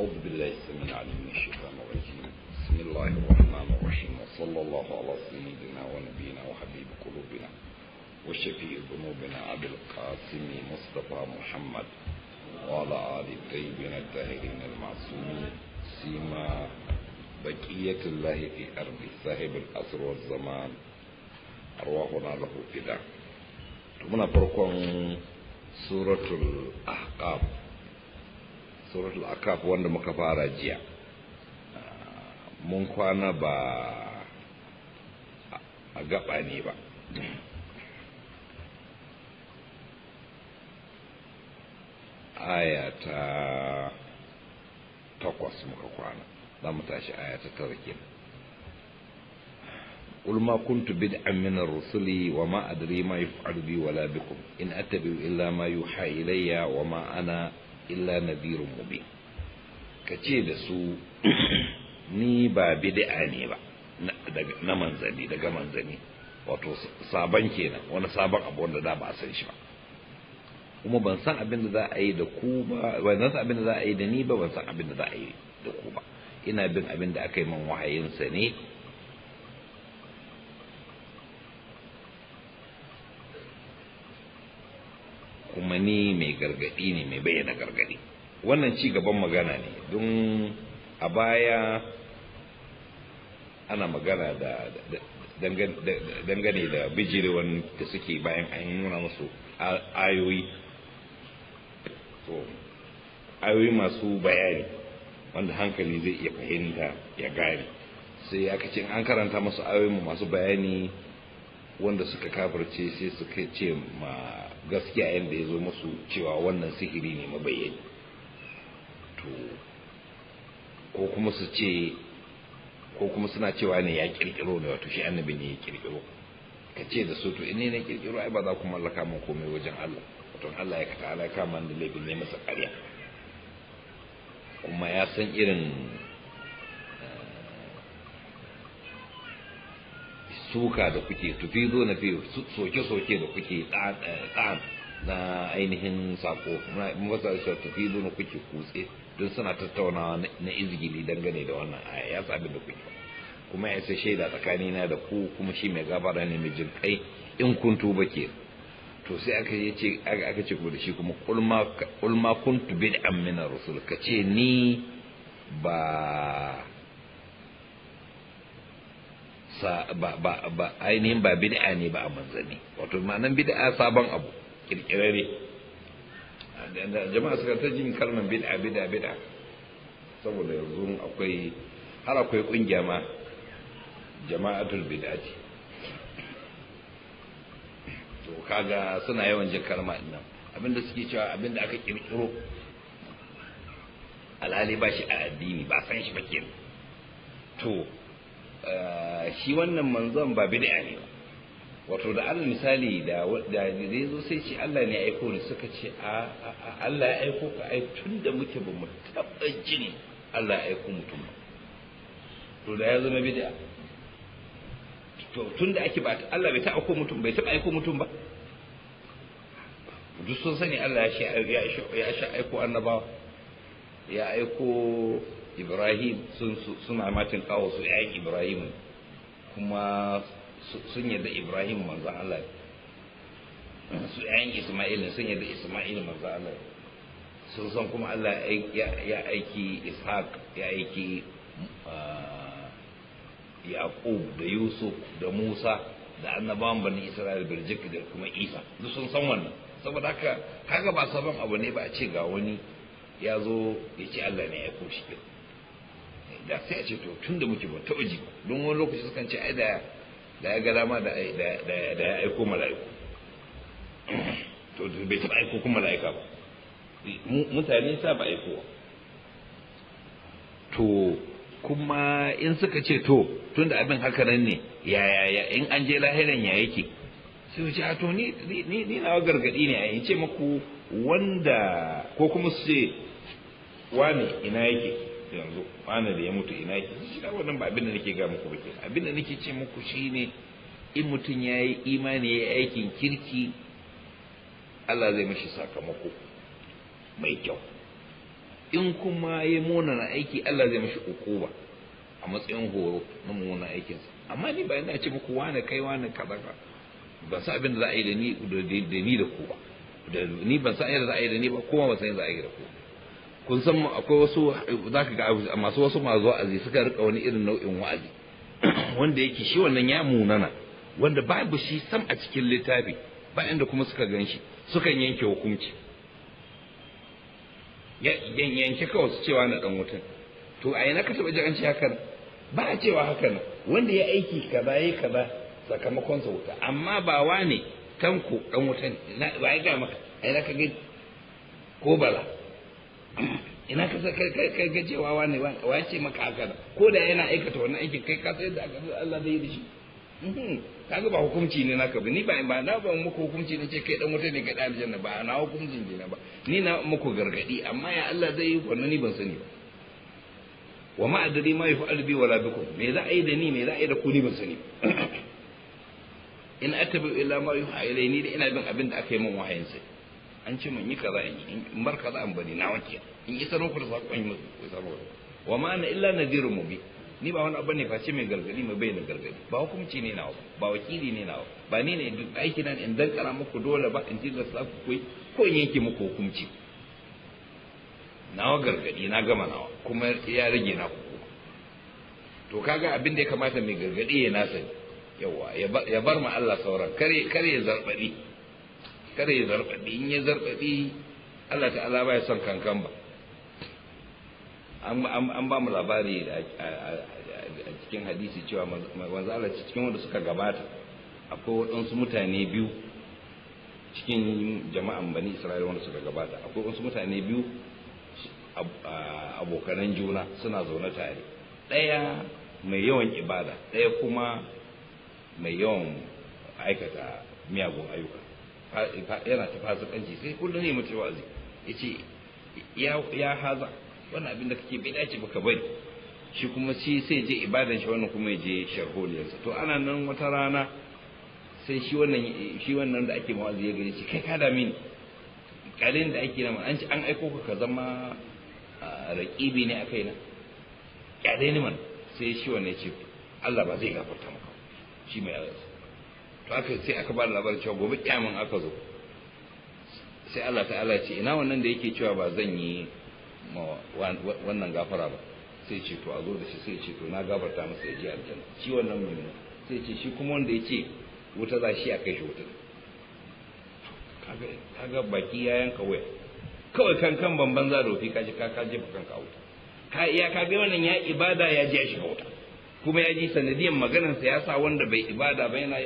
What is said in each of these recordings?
أعوذ بالله السميع العليم من الشيطان الرجيم بسم الله الرحمن الرحيم وصلى الله على سيدنا ونبينا وحبيب قلوبنا وشفيع ذنوبنا عبد القاسم مصطفى محمد وعلى آل الطيبين الطاهرين المعصومين سيما بقية الله في أرض صاحب الأسر والزمان أرواحنا له فداء ثم فرق سورة الأحقاب suratul akaf wanda muka fara jiya mun kwana ba a gaba ne ba aya ta takwas muka kwana za mu tashi aya ta tara kenan قل ما كنت بدعا من الرسل وما أدري ما يفعل بي ولا بكم إن أتبع إلا ما يوحى إلي وما أنا illa nadhirun mubin kace da su ni ba bid'a ne ba na manzani daga manzani wato sabon kenan wani sabon abu wanda da ba a san shi ba kuma ban san abin da za a yi da ku ba ban san abin da za a yi da ni ba ban san abin da za a yi da ku ba ina bin abin da aka yi min wahayinsa ne zamani mai gargadi ne mai bayyana gargadi wannan ci gaban magana ne don a baya ana magana da dangane da bijirewan da suke bayan an nuna musu ayoyi ayoyi masu bayani wanda hankali zai iya fahimta ya gane sai aka ce an karanta masu ayoyi masu bayani wanda suka kafirce sai suka ce ma gaskiya yadda ya zo masu cewa wannan sihiri ne mabayyani to ko kuma su ce ko kuma suna cewa ne ya kirkiro ne wato shi annabi ne ya kirkiro ka ce da su to in ne na kirkiro ai ba za ku mallaka min komai wajen Allah wato Allah ya kata ala kama da laifin ne masa ƙarya kuma ya san irin suka da kuke zo na fiye soke-soke da kuke ɗan eh, na ainihin sako masa shi zo na kuke kutse don suna tattaunawa na izgili dangane da wannan aya ya sabi da kuke kuma ya sai shaida tsakanina da ku kuma shi mai gabara ne mai jin in kun tuba ke to sai aka ce aka ce da shi kuma kulma kuntu bid'an min rasul ce ni ba ba ainihin ba bid'a ne ba a manzanni wato ma'anan bid'a sabon abu kirkirare jama'a suka ta jin kalmar bid'a bid'a bid'a saboda yanzu akwai har akwai kungiya ma jama'atul bid'a ce to kaga suna yawan jin kalma nan abinda suke cewa abinda aka kirkiro al'ali ba shi a addini ba san shi ba kenan to Eh, shi wannan manzon ba bid'a ne ba wato da alal misali da da zai zo sai ce Allah ne aiko ni suka ce a Allah ya aiko ka ai tunda muke ba mu taba jin Allah ya aiko mutum to da ya zama bid'a to tunda ake ba Allah bai ta aiko mutum bai taba aiko mutum ba duk sun sani Allah ya shi ya shi aiko annabawa ya aiko ibrahim suna matin kawo su ‘ya'yan ibrahim kuma sun yadda ibrahim manzan Allah su ya isma'il sun yadda isma'il manzan Allah sun san kuma Allah ya aiki ishaq ya aiki ah, yaqub da yusuf da musa da annabawan bani isra'il birjik da kuma isa duk sun san wannan saboda haka kaga ba sabon abu ne ba a ce ga wani ya zo ya ce allah ne ya koshi da sai a ce to tun da muke ba ta uji don wani lokaci sukan ce ai da da ya ga dama da ya aiko mala'iku to bai taɓa aiko kuma mala'ika ba mutane sa ba aiko to kuma in suka ce to tun da abin haka nan ne ya ya ya in an je lahiran ya yake sai wuce ce to ni ni ni nawa gargadi ne a ce maku wanda ko kuma su ce ne ina yake yanzu da ya mutu ina yake shi wannan ba abin da nake ga muku bakin abinda abin da nake ce muku shine in mutum ya yi imani ya yi aikin kirki Allah zai mashi sakamako mai kyau in kuma ya munana aiki Allah zai mashi ukuba a matsayin horo na munana aikinsa amma ni ba ina ce muku wane kai wane kaza ba ban san abin da za a yi da ni da ni da ku ba ni ban san yadda za a yi da ni ba kuma ban san yadda za a yi da ku ba kun san akwai wasu za ka ga masu wasu zuwa azi suka rika wani irin nau'in wa'azi wanda yake shi wannan ya munana wanda babu shi sam a cikin littafi ba inda kuma suka gan shi sukan yanke hukunci yanke kawai su cewa na dan mutum to a ina ka taɓa ji an ce hakan ba a cewa hakan wanda ya aiki kaza ya kaza sakamakon sa wuta amma ba wane tanko dan wutan ba ya ga maka a ina ka ga ko bala ina ka sa kai kai ga cewa wani wa ce maka haka ko da yana aikata wannan aikin kai ka sai da Allah zai yi da shi mhm. kaga ba hukunci ne naka ba ni ba ba na ba muku hukunci ne ce kai dan wuta ne kai dan aljanna ba na hukunci ne ba ni na muku gargadi amma ya Allah zai yi wannan ni ban sani ba wa ma adri ma yaf'al bi wala bikum me za a yi da ni me za a yi da ku ni ban sani in atabi illa ma yuha ilayni da ina bin abin da aka yi min wahayin sai an ce mun yi kaza in bar kaza an bari na wanke in isar muku da sako in isar muku wa ma ana illa nadhirun bi ni ba wani abu ne face mai gargadi mai bayyana gargadi ba hukunci ne nawa ba wakili ne nawa ba ni ne duk aiki nan in kara muku dole ba in jinda sa ku koyi ko in yanke muku hukunci nawa gargadi na gama nawa kuma ya rage na ku to kaga abin da ya kamata mai gargadi ya nasa yawa ya bar ma Allah sauran kare kare zarbadi kare ya zarfaɗi in ya zarfaɗi Allah ta'ala ba ya son kankan ba an ba mu labari a cikin hadisi cewa wanzu Allah cikin wanda suka gabata akwai waɗansu mutane biyu cikin jama'an bani isra'ila wanda suka gabata akwai wasu mutane biyu abokanan juna suna zaune tare ɗaya mai yawan ibada ɗaya kuma mai yawan aikata miyagun ayyuka yana ta fasikanci sai kullum ne mutu wa'azi ya ya ya haza wannan abin da kake bai dace ba ka bari shi kuma shi sai je ibadan shi wannan kuma je sharholiyarsa to ana nan wata rana sai shi wannan shi wannan da ake mawazi ya gani shi kai ka dami ni kalin da ake na an ci an aiko ka ka zama raƙibi ne a kaina kyale ni man sai shi wannan ce Allah ba zai gafarta maka shi mai Allah to aka sai aka ba labar cewa gobe kiyamin aka zo sai Allah ta'ala ce ina wannan da yake cewa ba zan yi wannan gafara ba sai ce to a zo da shi sai ce to na gafarta masa ya je aljanna shi wannan mummuna sai ce shi kuma wanda yake wuta za shi a kai shi wuta kaga baki ya yanka waya kawai kan kan bamban za da wofi ji ka kaji bakan ka wuta ka iya ga wannan ya ibada ya ji shi wuta kuma ya ji sanadiyan maganarsa ya sa wanda bai ibada ba yana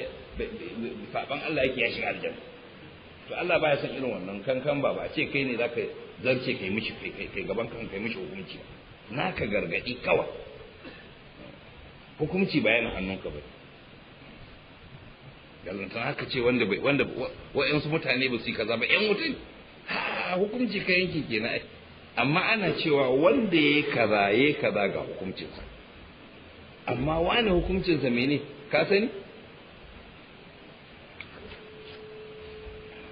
saban Allah yake ya shiga aljanna to Allah baya son irin wannan kankan ba ba ce kai ne zaka zarce kai mishi kai kai gaban kan kai mishi hukunci naka gargadi kawai hukunci ba yana hannunka ba yalanta haka ce wanda bai wanda wa'yansu mutane ba su yi kaza ba yan mutum hukunci ka yanke kenan amma ana cewa wanda ya kaza ya kaza ga hukuncinsa amma wani hukuncinsa mene ka sani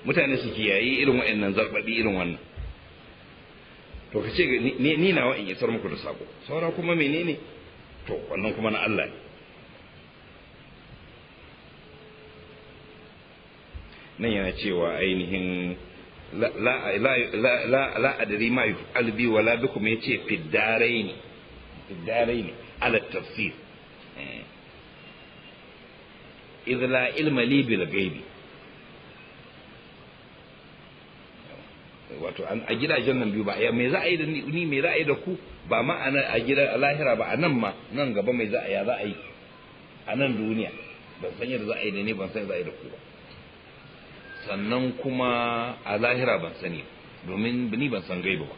mutane su kiyaye irin wa'annan zarbabi irin wannan to ka ce ni na wa'in isar muku da sako saura kuma menene to wannan kuma na Allah ne nan yana cewa ainihin la adri ma yuf'al bi wala ya ce fiddarai ne fiddarai ne ala tafsir eh. idh la ilma li bil ghaibi wato a gidajen nan biyu ba me za a yi da ni me za a yi da ku ba ma a gidan lahira ba a nan ma nan gaba mai za a za a yi a nan duniya ban san yadda za a yi da ni ban san za a yi da ku ba sannan kuma a lahira ban sani domin ni ban san gaiba ba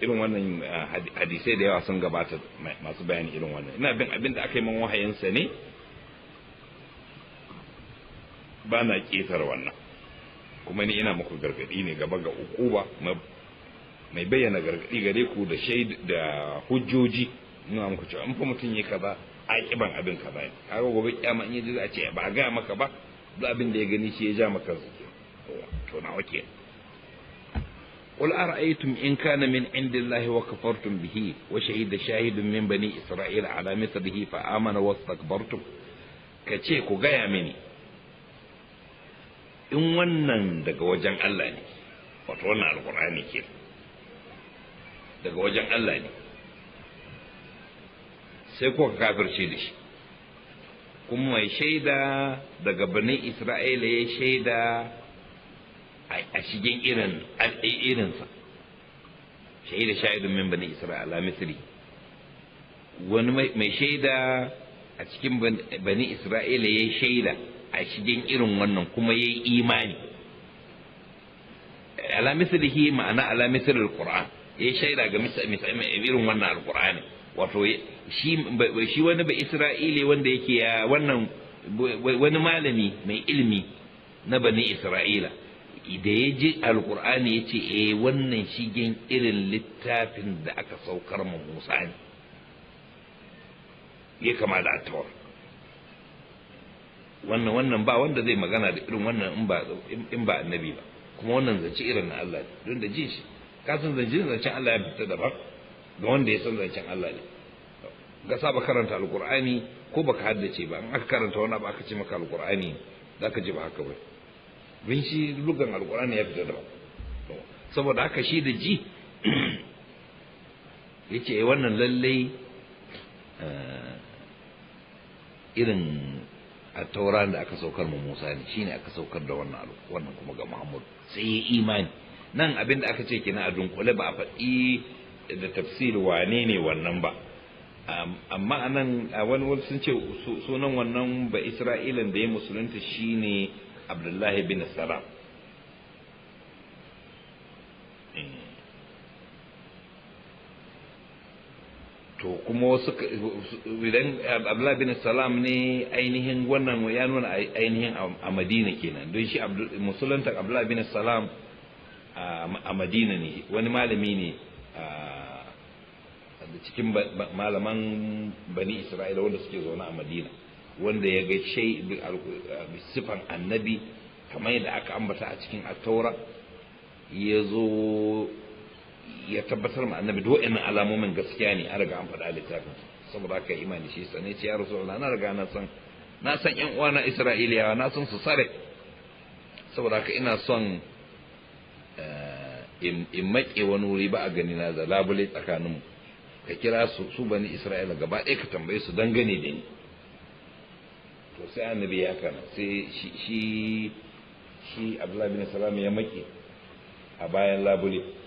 irin wannan eh, hadisai da yawa sun gabata masu bayani irin wannan ina bin abin da aka yi man wahayinsa ne ba na ƙetar wannan kuma ni ina muku gargaɗi ne gaba ga ukuba mai bayyana gargaɗi gare ku da shaid da hujjoji nuna muku cewa in fa mutum ya kaza ban abin kaza ne ga gobe kyama in yi za a ce ba a gaya maka ba duk abin da ya gani shi ya ja maka zuke to na wake قل أرأيتم إن كان من عند الله وكفرتم به وشهد شاهد من بني إسرائيل على مثله فآمن واستكبرتم كتشيكو gaya مني in wannan daga wajen Allah ne wato wannan alkur'ani ke daga wajen Allah ne sai kuka kafirce da shi kuma mai shaida daga bani isra'ila ya shaida a cikin irin irinsa shaida shaidun min bani isra'ila misri wani mai shaida a cikin bani isra'ila ya shaida a cikin irin wannan kuma ya yi imani ala mislihi ma'ana ala misl alquran ya shaida ga irin wannan alqurani wato shi shi wani ba isra'ili wanda yake ya wannan wani malami mai ilimi na bani isra'ila da ya ji alqurani ya ce eh wannan shigen irin littafin da aka saukar ma musa ne ya kama da tawar wannan wannan ba wanda zai magana da irin wannan in ba in ba annabi ba kuma wannan zance irin na Allah ne don da jin shi ka san zance zancen Allah ya fita daban ga wanda ya san zancen Allah ne ga saba karanta alqur'ani ko baka haddace ba in aka karanta wannan ba aka ce maka alqur'ani zaka ji ba haka ba bin shi lugan alqur'ani ya fita daban saboda haka shi da ji yace eh, wannan lallai eh, irin tauran da aka saukar mu Musa ne shine aka saukar da wannan wannan kuma ga Muhammad sai ya imani nan abin da aka ce kina a dunkule ba a faɗi da tafsir wane ne wannan ba amma anan a wani wani sun ce sunan wannan ba Isra'ilan da ya musulunta shine Abdullahi bin Salam to kuma wasu idan abdullahi bin salam ne ainihin wannan ya nuna ainihin a madina kenan don shi musulunta abdullahi bin salam a madina ne wani malami ne a cikin malaman bani isra'ila wanda suke zaune a madina wanda ya ga shai sifan annabi kamar yadda aka ambata a cikin attaura ya zo ya tabbatar ma annabi duk wa'annan alamomin gaskiya ne an riga an faɗa littafin saboda haka imani shi sanai ce ya rasulullah na riga na san na san ƴan uwana isra'iliyawa na san su sare saboda haka ina son eh, in maƙe wani wuri ba a gani na da labule mu ka kira su su bani isra'ila gaba ɗaya ka tambaye su dangane da ni to sai annabi ya kana sai shi shi shi abdullahi bin salam ya maƙe a bayan labule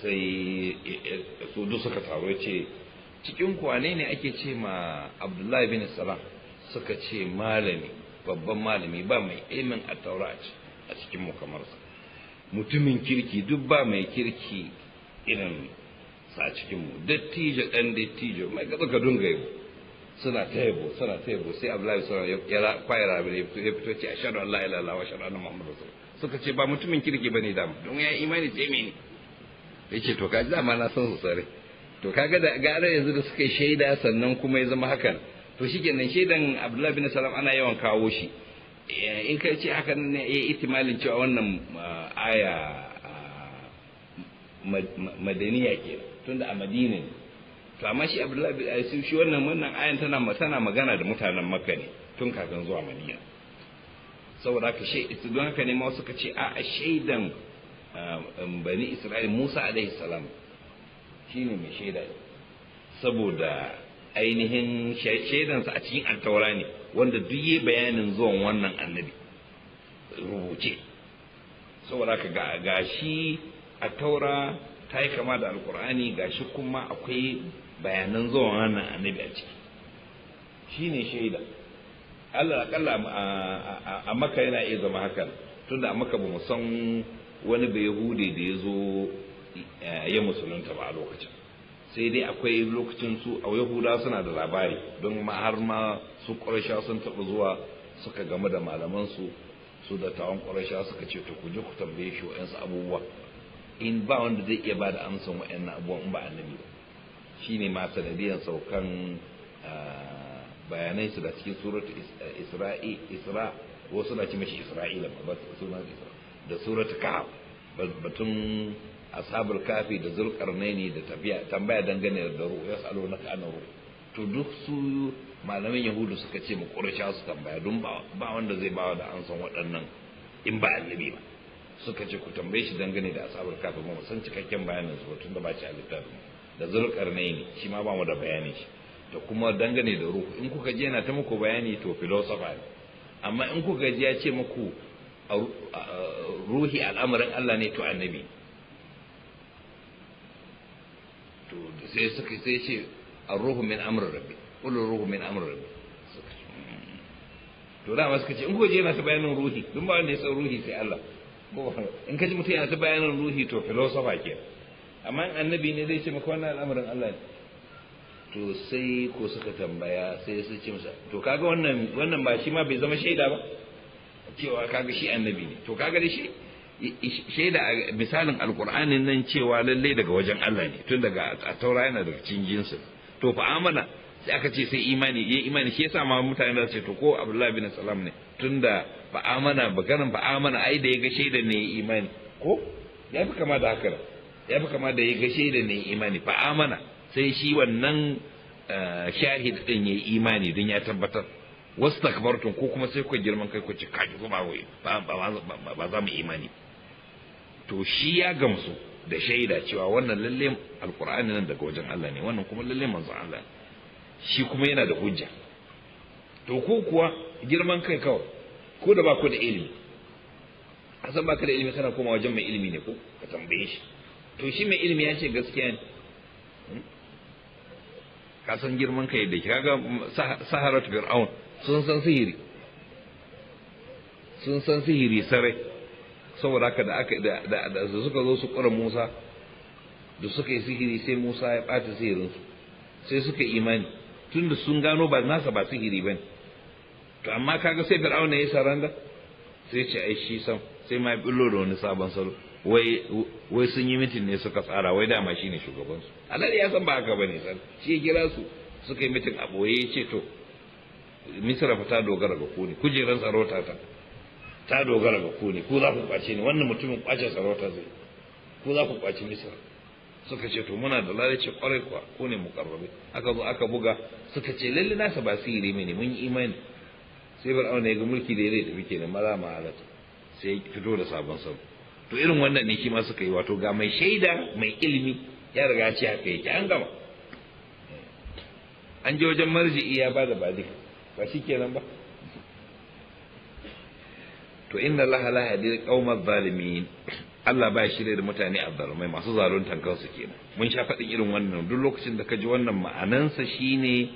sai eh, eh, su duk suka taru ya ce cikin kwane ne ake ce ma abdullahi bin salam suka ce malami babban malami ba mai aimin a taura a cikin mu kamar sa mutumin kirki duk ba mai kirki irin sa cikin mu dattijo dan dattijo mai gaba ka dunga yi suna ta yabo suna ta yabo sai abdullahi sallallahu alaihi ya kwaira abin ya fito ya fito ce a shaɗu allah ilaha illallah wa ashhadu anna muhammadar suka ce ba mutumin kirki ba ne damu don ya imani sai mene yace to kaji dama na san su sare to kaga da gara yanzu da suka shaida sannan kuma ya zama hakan to shikenan shaidan Abdullahi bin Salam ana yawan kawo shi eh, in kai ce hakan ne ya eh, itimalin cewa wannan ah, aya ah, madaniya ke tunda a madina ne to amma shi Abdullahi eh, shi wannan wannan ayan tana tana magana da mutanen Makka ne tun kafin zuwa Madina saboda haka shi don haka ne ma suka ce a shaidan Ah, um, bani isra'il musa alaihi salam shine mai shaida saboda ainihin shaidansa a cikin altaura ne wanda duk yi bayanin zuwan wannan annabi rubuce saboda ka ga gashi a taura ta yi kama da alkur'ani gashi kuma akwai bayanan zuwan wannan annabi a ciki shi ne shaida allah akalla a maka yana iya zama hakan tunda a maka ba mu san wani bai hude da ya zo eh, ya musulunta ba a lokacin sai dai akwai lokacin su a yahuda suna da labari don ma har ma su ƙwarsha sun taɓa zuwa suka gamu da malamansu su da tawon ƙwarsha suka ce ta ku ku tambaye shi wa'yansu abubuwa in ba wanda zai iya ba da amsan wa'yannan abubuwan in ba annabi shi ne ma sanadiyan saukan eh, bayanai su da cikin surat eh, isra'i isra wasu na ce mashi isra'ila ba ba su isra'i da suratu kahf batun ashabul kafi da zulqarnaini da tafiya tambaya dangane da ruhu na kana ruhu to duk su malamin yahudu suka ce mu ƙurasha su tambaya don ba Ba wanda zai bawa da an san waɗannan in ba annabi ba suka ce ku tambaye shi dangane da ashabul kafi mu san cikakken bayanin su tun da ba ci a da zulqarnaini shi ma ba mu da bayani shi To kuma dangane da ruhu in kuka je yana ta muku bayani to filosofa ne amma in kuka ji ya ce muku ruhi al'amarin Allah ne to annabi to sai suka sai ce ar-ruhu min amr rabbi qul ruhu min amr rabbi hmm. to da suka ce in goje yana ta bayanin ruhi dun ba wanda ya san ruhi sai Allah in kaji mutum yana ta bayanin ruhi to philosopher ke amma in annabi ne zai ce maka wannan al'amarin Allah ne to sai ko suka tambaya sai su ce masa to kaga wannan wannan ba shi ma bai zama shaida ba cewa kaga shi annabi ne to kaga da shi shaida misalin alkur'anin nan cewa lallai daga wajen Allah ne tun daga a taura yana daga cikin jinsi to fa amana sai aka ce sai imani yayi imani shi yasa ma mutane da su ce to ko Abdullahi bin Salam ne tun da fa amana bakaran fa amana ai da ya ga shaida ne imani ko ya fi kama da haka ya fi kama da ya ga shaida ne imani fa amana sai shi wannan eh, shahid din yayi imani din ya tabbatar Wasu takabartun ko kuma sai ku girman kai ku ci kaji kuma wai ba za mu imani to shi ya gamsu da shaida cewa wannan lalle alkur'ani nan daga wajen Allah ne wannan kuma lalle manzon Allah shi kuma yana da hujja to ko kuwa girman kai kawai ko da ba ku da ilimi san ba ka da ilimi kana koma wajen mai ilimi ne ko ka tambaye shi to shi mai ilimi ya ce gaskiya ne hmm? ka san girman kai da kaga saharat fir'aun sun san sihiri sun san sihiri sarai saboda haka da aka da da suka zo su ƙura Musa da suka yi sihiri sai Musa ya ɓata sihirinsu sai suka imani tunda sun gano ba nasa ba sihiri bane to amma kaga sai Fir'auna ya saranda sai ce ai shi sam sai ma billo da wani sabon salo wai wai sun yi mitin ne suka tsara wai dama shine shugabansu alal ya san ba haka bane san shi ya kira su suka yi mitin a boye ya ce to Misira fa ta dogara ga ku ne kujeran sarauta ta ta dogara ga ku ne ku za ku kwace ni wannan mutumin kwace sarauta zai ku za ku kwace misira? suka ce to muna da lalace kwarai kuwa ku ne mukarrabe aka zo aka buga suka ce lalle sa ba yi mene mun yi imani sai bar auna ga mulki da ya tafi ne, maza ma halata sai ya fito da sabon sabo. to irin wannan ne shi ma suka yi wato ga mai shaida mai ilimi ya riga ce haka yake an gama an je wajen marji'i ya bada badika ba shi kenan ba to inna allaha la yahdi qaumaz zalimin Allah ba shi da mutane azzalumai masu zaluntan kansu kenan mun sha faɗin irin wannan duk lokacin da ka ji wannan ma'anansa shine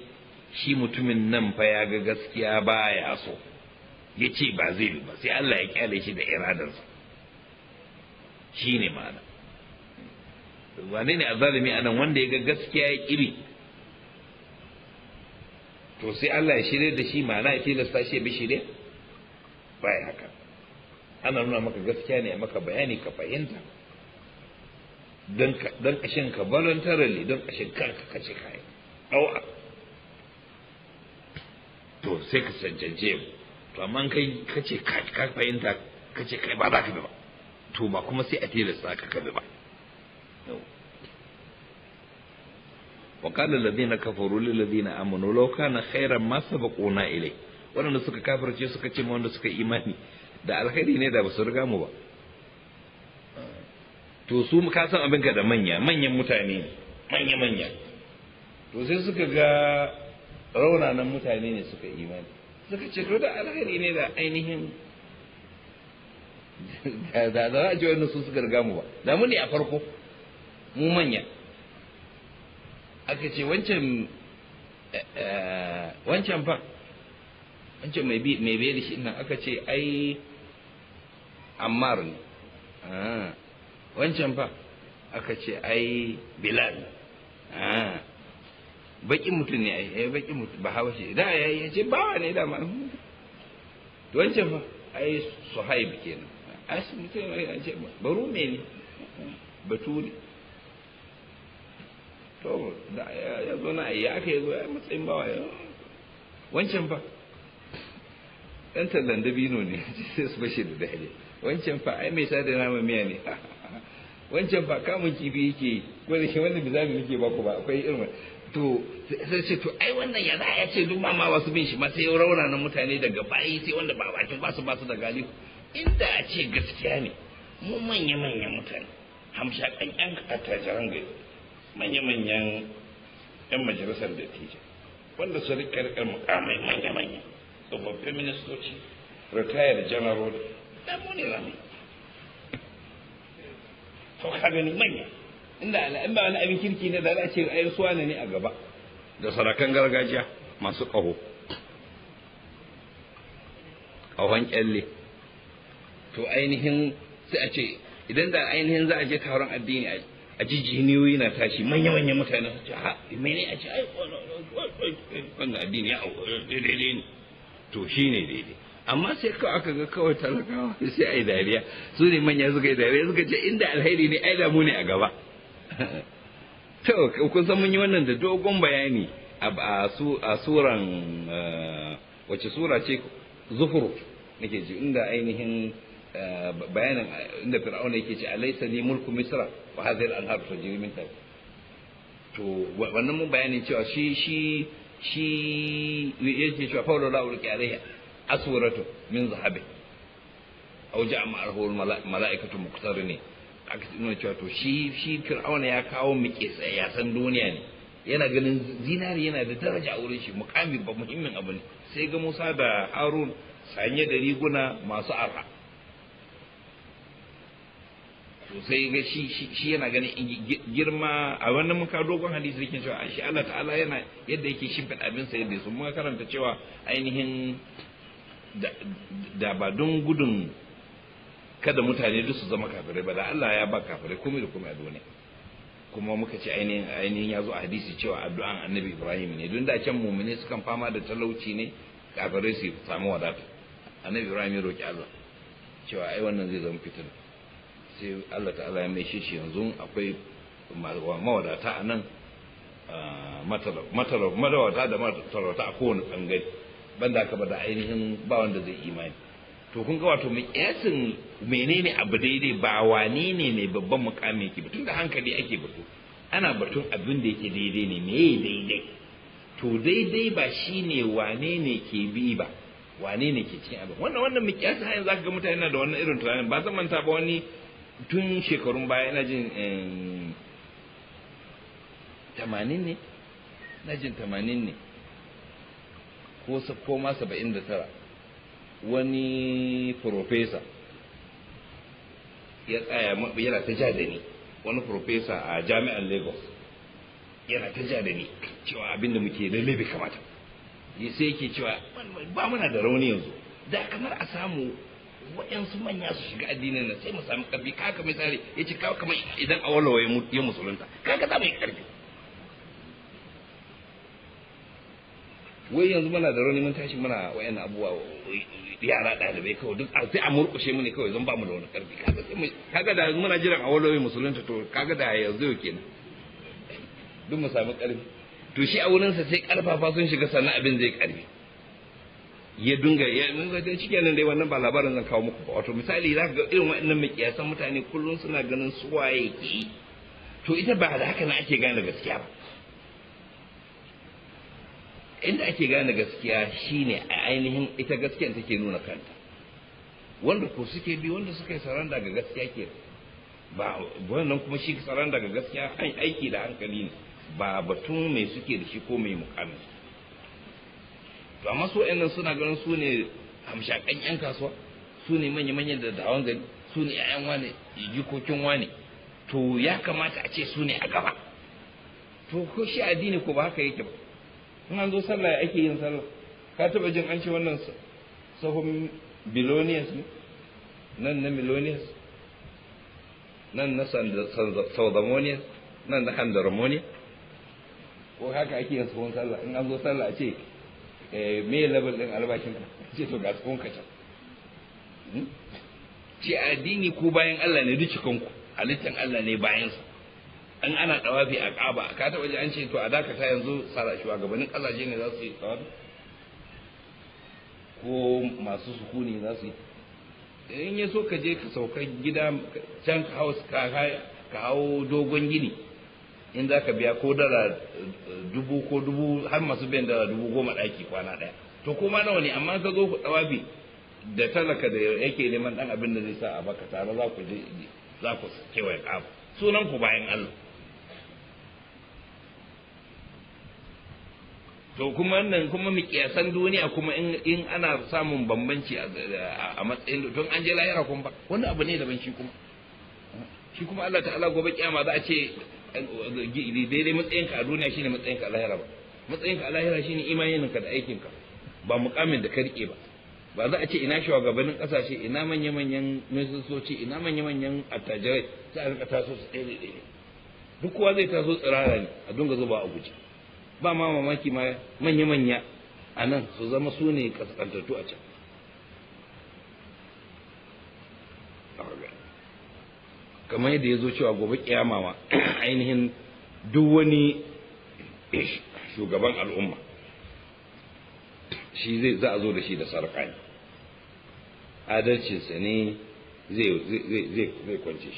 shi mutumin nan fa ya ga gaskiya baya so ya ce ba zai bi ba sai Allah ya kyale shi da iradarsa shine ma'ana wane ne azzalumi anan wanda ya ga gaskiya ya kiri to sai Allah ya shirye da shi ma'ana ya tilasta shi ya bi shirye ya haka ana nuna maka gaskiya ne maka bayani ka fahimta don kashin ka voluntarily don kashin kanka ka ce kai Awa. to sai ka cancance mu to amma kai ka ce ka fahimta ka ce kai ba za ka bi ba to ba kuma sai a tilasta ka ka bi ba وقال الذين كفروا للذين امنوا لو كان خيرا ما سبقونا اليه waɗanda suka kafirce suka ce wanda suka imani da alkhairi ne da ba su riga mu ba to su ka san abin ka da manya manyan mutane manya manya to sai suka ga raunanan mutane ne suka imani suka ce to da alkhairi ne da ainihin da za a ji wani su suka riga mu ba da mu ne a farko mu manya aka ce eh, eh, wancan fa wancan mai da shi nan aka ce ai ammar ne ah, wancan fa aka ce ai bilal ah, bakin mutum ne ai ai bakin mutum ba hawa ce da ya yi ce bawa ne dama wancan fa ai suhaib kenan ai mutum ya ce barume ne batu ne to da ya zo na ya aka yi zo ya matsayin bawa ya wancan ba ɗan tallan dabino ne sai su bashi da dare wancan fa ai mai sada nama miya ne wancan fa kamun kifi yake wani shi wanda bizami yake ba ku ba akwai irin to sai ce to ai wannan ya za a ce duk ma ma wasu bin shi ma sai raunana mutane daga bayi sai wanda ba bakin ba su ba su da galihu inda a ce gaskiya ne mu manya manya mutane hamshakan yan attajiran gari manya-manyan 'yan majalisar da tije wanda su rika rika mukamai manya-manya tsofaffin ministoci retired general da mu ne zamu to ka gani manya inda ba wani abin kirki ne da za a ce ayar suwa ne a gaba da sarakan gargajiya masu ƙaho ƙahon kyalle to ainihin sai a ce idan da ainihin za a je taron addini a a ji jiniyoyi na tashi manya-manyan mutane su ce ha mene a ce ai wannan addini ya eh, daidai ne to shi ne daidai amma sai ka aka ga kawai talakawa sai ai dariya su ne manya suka yi dariya suka ce inda alheri ne ai damu ne a gaba to kun san mun yi wannan da dogon bayani a suran eh, wace sura ce Zuhru. nake ji inda ainihin eh, bayanin inda fir'auna yake ce alaysa ni mulku misra wa hadhihi al-anhar tajri min tahtiha to wannan mun bayanin cewa shi shi shi yake cewa fawla la ulqi alaiha aswaratu min zahabi aw ja'a ma'ahu al-mala'ikatu muqtarini aka nuna cewa to shi shi fir'auna ya kawo muke ya san duniya ne yana ganin zinari yana da daraja a wurin shi mukami ba muhimmin abu ne sai ga Musa da Harun sanye da riguna masu arha sai ga shi shi yana ganin girma a wannan muka dogon hadisi da ke cewa shi Allah ta'ala yana yadda yake fada abin sa yadda su muka karanta cewa ainihin da ba don gudun kada mutane duk su zama kafirai ba da Allah ya ba kafirai komai da komai a duniya kuma muka ce ainihin ainihin ya zo a hadisi cewa addu'an annabi Ibrahim ne don da can mumini sukan fama da talauci ne kafirai su samu wadata annabi Ibrahim ya roki Allah cewa ai wannan zai zama fitina sai Allah ta'ala ya mai shi yanzu akwai mawadata a nan matalauta da matalauta a kowane bangare banda haka ba da ainihin ba wanda zai imani to kun ga wato yasin menene abu daidai ba Wani ne mai babban mukami yake batun da hankali ake batu ana batun abin da yake daidai ne me daidai to daidai ba shine wane ne ke bi ba wane ne ke cikin abin wannan wannan miƙyasin har yanzu zaka ga mutane na da wannan irin tunanin ba zan manta ba wani tun shekarun baya na jin tamanin ne na jin tamanin ne ko ko ma saba'in da tara wani profesa ya tsaya yana ta ja da ni wani profesa a jami'ar lagos yana ta ja da ni cewa abinda muke lalle bai kamata sai yake cewa ba muna da rauni yanzu da kamar a samu waɗansu manya su shiga addinin nan sai mu samu karfi kaka misali ya ce kawo kamar idan a walawa ya musulunta kaka za mu yi karfi wai yanzu muna da rauni mun tashi muna wayan abubuwa yara ɗalibai kawai duk sai a murƙushe mu ne kawai zan ba mu da wani karfi kaga da muna jiran a walawa musulunta to kaga da yanzu yau kenan duk mu samu karfi to shi a wurinsa sai karfafa sun shiga sannan abin zai karfi ya dunga ya dai cike nan dai wannan ba labarin zan kawo muku wato misali za ka ga irin waɗannan makiyasan mutane kullum suna ganin waye ki to ita ba da haka na ake gane gaskiya ba inda ake gane gaskiya shine a ainihin ita gaskiyan take nuna kanta wanda ko suke bi wanda suka yi saranda ga gaskiya ke ba wannan kuma shi saranda ga gaskiya an aiki da hankali ne ba batun mai suke da shi ko mai mukamin to amma su wa'annan suna ganin su ne hamshakan yan kasuwa su ne manya-manyan da dawon gari su ne yayan wane jikokin wane to ya kamata a ce su ne a gaba to ko shi addini ko ba haka yake ba in an zo sallah ake yin sallah ka taba jin an ce wannan sahun bilonius ne nan na milonius nan na saudamonius nan na handaramonius ko haka ake yin sahun sallah in an zo sallah a ce Eh, me level din albashin ka ce to ga tsohon ka can ce hmm? addini ko bayan Allah ne duk cikinku, halittan Allah ne bayansa an ana tsawafi a ƙaba ka taɓa ji an ce to a dakata yanzu tsara gabanin ƙasashe ne za su yi tsawafi ko masu sukuni za su yi eh, in ya so ka je ka sauka gida can ka hau dogon gini in za ka biya ko dala eh, dubu ko dubu har masu biyan dala dubu goma ɗaki kwana ɗaya to kuma nawa ne amma ka zo ku ɗawabi da talaka da yake neman ɗan abin da zai sa a baka tare za ku je za ku kewaye ƙafa sunan ku bayan Allah to kuma nan kuma kiyasan duniya kuma in ana samun bambanci a matsayin don an je lahira kuma ba wani abu ne daban shi kuma shi kuma Allah ta'ala gobe kiyama za a ce daidai matsayinka a duniya shine matsayinka a lahira ba matsayinka a lahira shine imaninka da aikinka ba mukamin da ka rike ba ba za a ce ina shugabannin kasashe ina manya-manyan ministoci ina manya-manyan attajirai za a rika taso su dai ɗaya duk kowa zai taso tsirara ne a dunga zuba a guje ba ma mamaki ma manya-manya a nan su zama su ne kaskantattu a can kamar yadda ya zo cewa gobe kiyamawa ainihin duk wani shugaban al'umma shi zai za a zo da shi da sarƙani adalcinsa ne zai kwance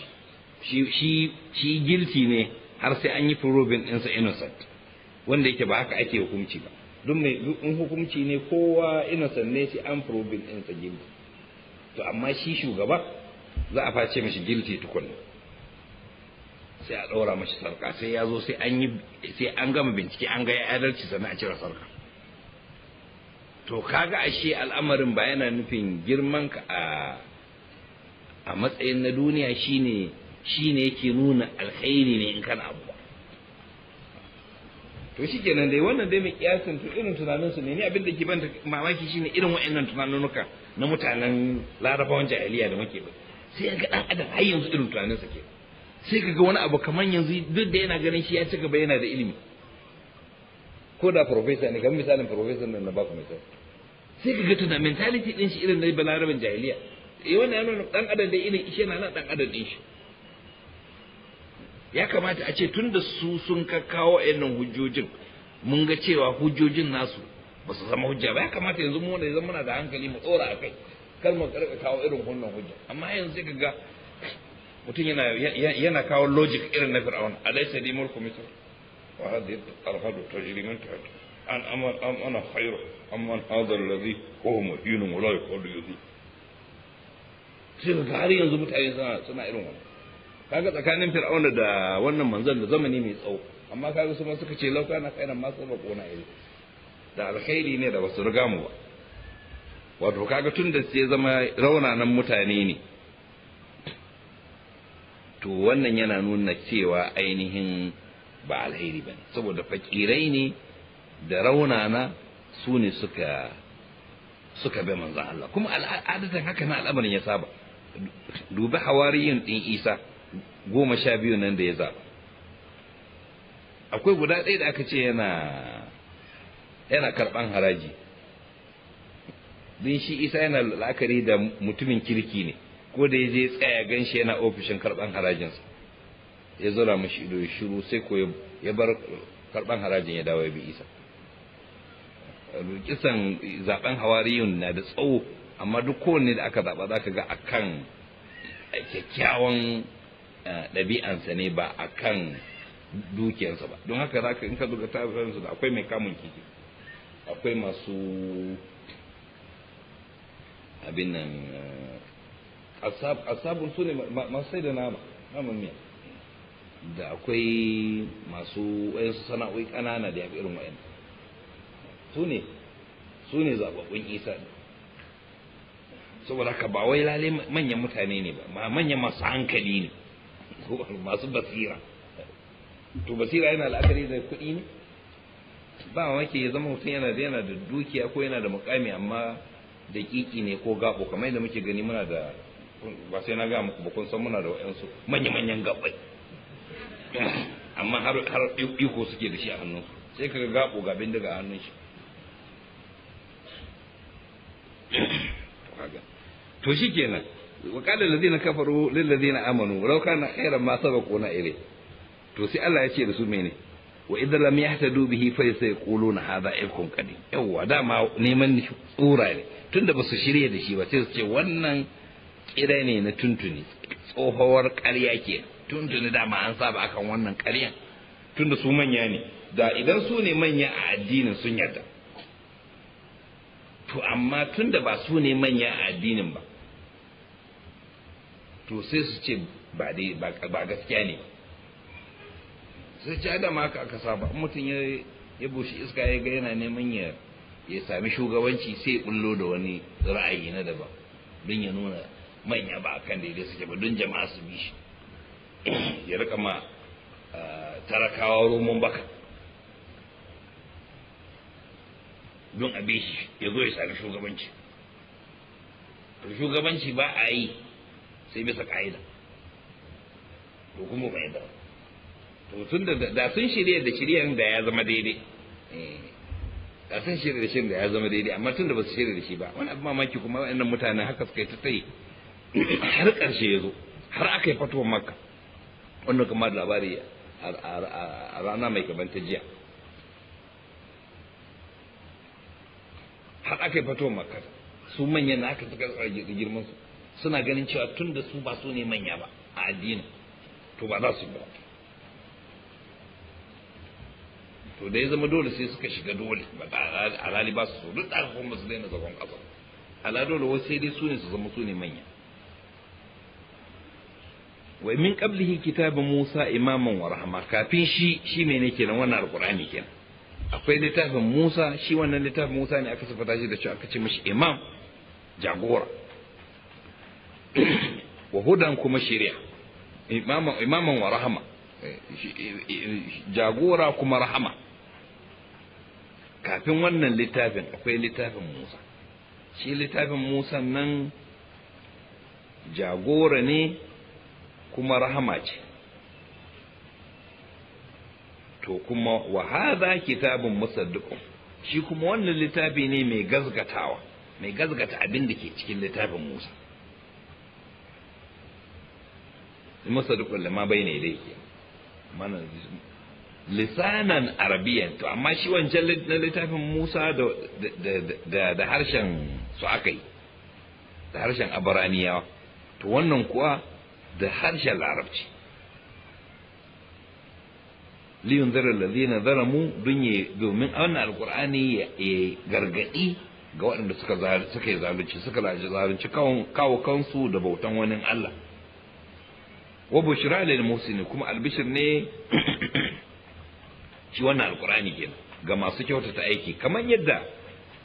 shi shi gilti ne har sai an yi proving ɗinsa innocent wanda yake ba haka ake hukunci ba duk mai in hukunci ne kowa innocent ne sai an proving ɗinsa gilti to amma shi shugaba za a face mashi gilti tukunna sai a ɗaura mashi sarka sai ya zo sai an gama bincike an ga ya adalci sannan a cire sarka to kaga ashe al'amarin ba yana nufin girman ka a a matsayin na duniya shine shine yake nuna alkhairi ne in kana abu to shi kenan dai wannan dai mai kiyasin to irin tunanin su ne ni abin da ke ban mamaki shine irin wa'annan tunanunuka na mutanen larabawan jahiliya da muke ba sai ga dan adam har yanzu irin tunanin ke. kenan sai kaga wani abu kamar yanzu duk da yana ganin shi ya ci gaba yana da ilimi ko da professor ne kamar misalin professor nan na baku misali sai kaga tuna mentality din shi irin na balaraban jahiliya eh wannan yana dan adam da irin shi yana nan dan adam din shi ya kamata a ce tunda su sun kakkawo wayannan hujjojin mun ga cewa hujjojin nasu ba su zama hujja ba ya kamata yanzu mu wanda zan muna da hankali mu tsora akai kar mu karɓe kawo irin wannan hujja amma yanzu sai kaga mutum yana yana kawo logic irin na fir'aun alaysa li mulku misr wa hadhihi al-arhadu tajri min tahti an amal am ana khayru amman hadha alladhi huwa muhinun wa la yaqadu yudhi sai ga har yanzu mutane suna irin wannan kaga tsakanin fir'aun da wannan manzon da zamani mai tsawo amma kaga su ma suka ce lauka na kaina ma sai ba kona yi da alkhairi ne da basu riga mu ba wato kaga tun da sai zama raunanan mutane ne to wannan yana nuna cewa ainihin ba alheri ba saboda fakirai ne da raunana su ne suka suka bai manzan Allah kuma al'adatan haka na al'amarin ya saba dubi hawariyin din isa goma sha biyu nan da ya zaba akwai guda ɗaya da aka ce yana yana karɓan haraji din shi isa yana la'akari da mutumin kirki ne ko da ya je tsaya gan shi yana ofishin karban harajinsa ya zura mashi ido ya shiru sai ko ya bar karban harajin ya dawo ya bi isa kisan zaben hawariyun na da tsawo amma duk kowanne da aka zaba za ka ga akan eh, kyakkyawan eh, ɗabi'ansa ne ba akan dukiyarsa ba don haka zaka in ka zuga tarihinsu da akwai mai kamun kiki akwai masu abin nan eh, asab asabun su ne masu sai da nama naman miya da akwai masu wayansu sana'o'i ƙanana da ya fi irin wayan su ne su ne zababbun isa saboda haka ba wai lalai manyan mutane ne ba manyan masu hankali ne masu basira to basira yana la'akari da kuɗi ne ba wake ya zama mutum yana da yana da dukiya ko yana da mukami amma da kiki ne ko gabo kamar yadda muke gani muna da ba sai na ga muku ba kun san muna da wayansu manya manyan gabbai amma har har iko suke da shi a hannunsu sai kaga gabo ga bindiga a hannun shi to shikenan kafaru الذين كفروا amanu امنوا لو كان خيرا ما سبقونا اليه to sai Allah ya ce da su mene wa idan lam yahtadu bihi fa sayquluna hadha ifkun qadim yawa dama neman tsura ne tunda ba su shirye da shi ba sai su ce wannan kira ne na tuntuni tsohowar ƙarya ke tuntuni dama an saba akan wannan ƙaryan tunda su manya ne da idan su ne manya a addinin sun yarda to amma tunda ba su ne manya a addinin ba to sai su ce ba gaskiya ne sai ce adama haka aka saba mutum ya bushe iska ya ga yana neman ya sami shugabanci sai bullo da wani ra'ayi na daban don ya nuna manya ba a kan daidai suke ba don jama'a su bi shi ya rika ma tarakawa romon baka don a bai shi ya zo ya sami shugabanci shugabanci ba a yi sai bisa ka'ida to kuma bai da to tun da da sun shirya da shiryan da ya zama daidai eh, da sun shirya da shiryan da ya zama daidai amma tun da ba su shirya da shi ba wani abu mamaki kuma waɗannan mutanen haka suka yi ta tsaye har ƙarshe ya zo har aka yi fatuwar makka wannan kuma labari a rana mai kamar ta jiya har aka yi fatuwar makka su manyan na aka suka tsara girman su suna ganin cewa tun da su ba su ne manya ba a addini to ba za su ba to da ya zama dole sai suka shiga dole alali ba su so duk da aka kuma su daina zagon ƙasa ala dole wasu sai dai su ne su zama su ne manya wa min qablihi kitabu Musa imaman wa rahma kafin shi shi ne kenan wannan alqur'ani kenan akwai littafin Musa shi wannan littafin Musa ne aka sifata shi da cewa aka ce mishi imam jagora wa hudan kuma shari'a imaman wa rahama jagora kuma rahama kafin wannan littafin akwai littafin Musa shi littafin Musa nan jagora ne kuma rahama ce to kuma wa hadha kitabun musaddiqun shi kuma wannan littafi ne mai gazgatawa mai gazgata abin da ke cikin littafin Musa musaddiqun lama bayne yake mana lisanan arabiyan to amma shi wancan littafin Musa da harshen su akai da harshen abaraniyawa to wannan kuwa da harshen larabci liyun zara lalzina zalamu domin wannan alkur'ani ya gargadi ga waɗanda suka suka yi zalunci suka zalunci kawo da bautan wani Allah wa bushra lil muhsini kuma albishir ne shi wannan alkur'ani kenan ga masu kyautata aiki kamar yadda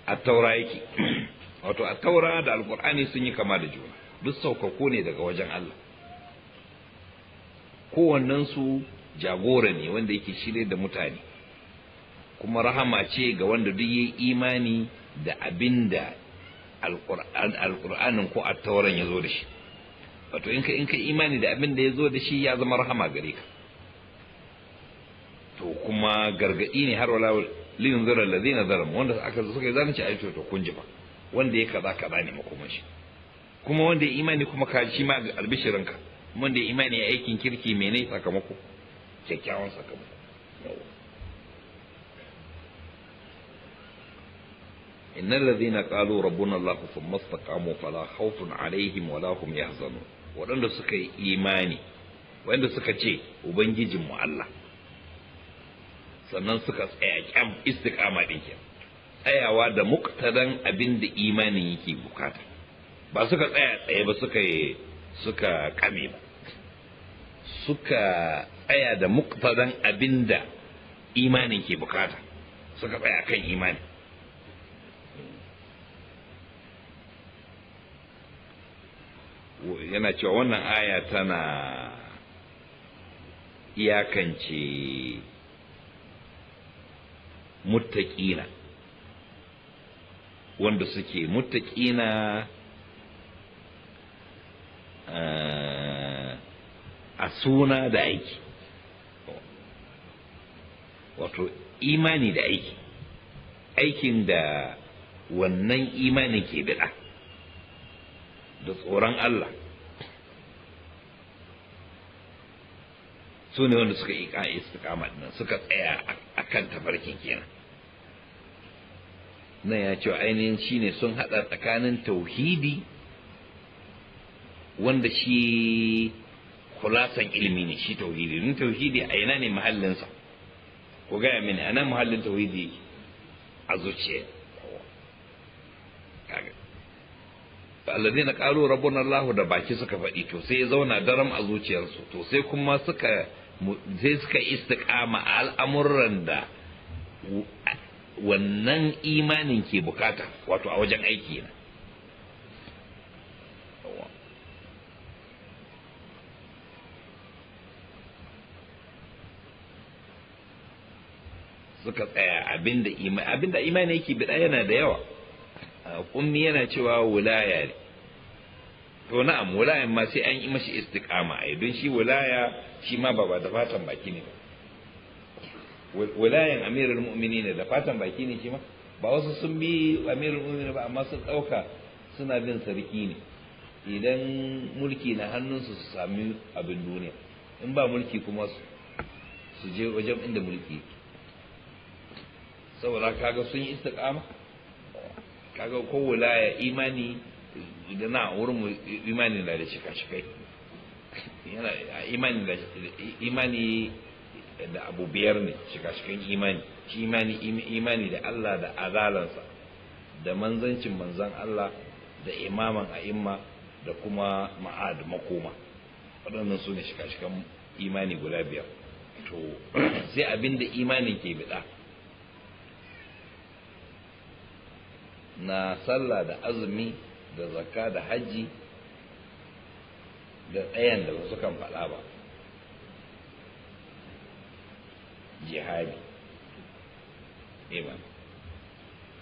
at-taura yake wato at-taura da alƙur'ani sun yi kama da juna duk saukako ne daga wajen Allah kowannensu jagora ne wanda yake shirye da mutane kuma rahama ce ga wanda duk yi imani da abin da alƙur'anin ko attauran ya zo da shi wato in ka in ka imani da abin da ya zo da shi ya zama rahama gare ka to kuma gargaɗi ne har wala lin zara ladina zara wanda aka suka yi zalunci ai to kun ji ba wanda ya kaza kaza ne makoman shi kuma wanda ya imani kuma ka shi ma albishirinka mun da imani ya aikin kirki mene sakamako kyakkyawan sakamako Inna إن الذين قالوا ربنا الله ثم استقاموا فلا خوف عليهم ولا هم يحزنون waɗanda suka yi imani waɗanda suka ce ubangijinmu Allah sannan suka tsaya kyam istiqama din ke tsayawa da muktadan abin da imanin yake bukata ba suka tsaya tsaye ba suka yi suka kame ba suka tsaya da muktazan abinda imanin ke bukata suka tsaya kan imani yana cewa wannan aya tana iyakance muttaƙina wanda suke muttaƙina a suna da aiki wato imani da aiki aikin da wannan imani ke bida da tsoron Allah su ne wanda suka iƙa da nan suka tsaya a kan tafarkin kenan nan ya ce ainihin shine sun haɗa tsakanin tauhidi wanda shi kulasan ilimi ne shi tauhidi ne tauhidi a ina ne mahallinsa ku gaya mini nan mahallin tauhidi a zuciya na qalu rabon Allah da baki suka faɗi to sai ya zauna daram a zuciyarsu to sai kuma suka sai suka istiqama a al'amuran da wannan imanin ke bukata wato a wajen aiki na suka tsaya abinda imani abinda imani yake bida yana da yawa ah, ummi yana cewa wulaya ne to na'am wulayan ma sai an yi mashi istiqama ai don shi wulaya shi ma ba da fatan baki ne ba wulayan amirul mu'minin da fatan baki ne shi ma ba wasu sun bi amirul mu'minin ba amma sun dauka suna bin sarki ne idan mulki na hannunsu su sami abin duniya in ba mulki kuma su je wajen inda mulki saboda kaga sun yi istiqama kaga ko wilaya imani da na wurin mu imani na da shika shikai yana imani da imani da abu biyar ne shika shikan imani imani imani da Allah da azalansa da manzancin manzan Allah da imaman a'imma da kuma ma'ad makoma waɗannan su ne shika shikan imani guda biyar to sai abin da imanin ke bida na sallah da azumi da zakka da hajji da ɗayan da wasu kan faɗa ba jihadi iman eh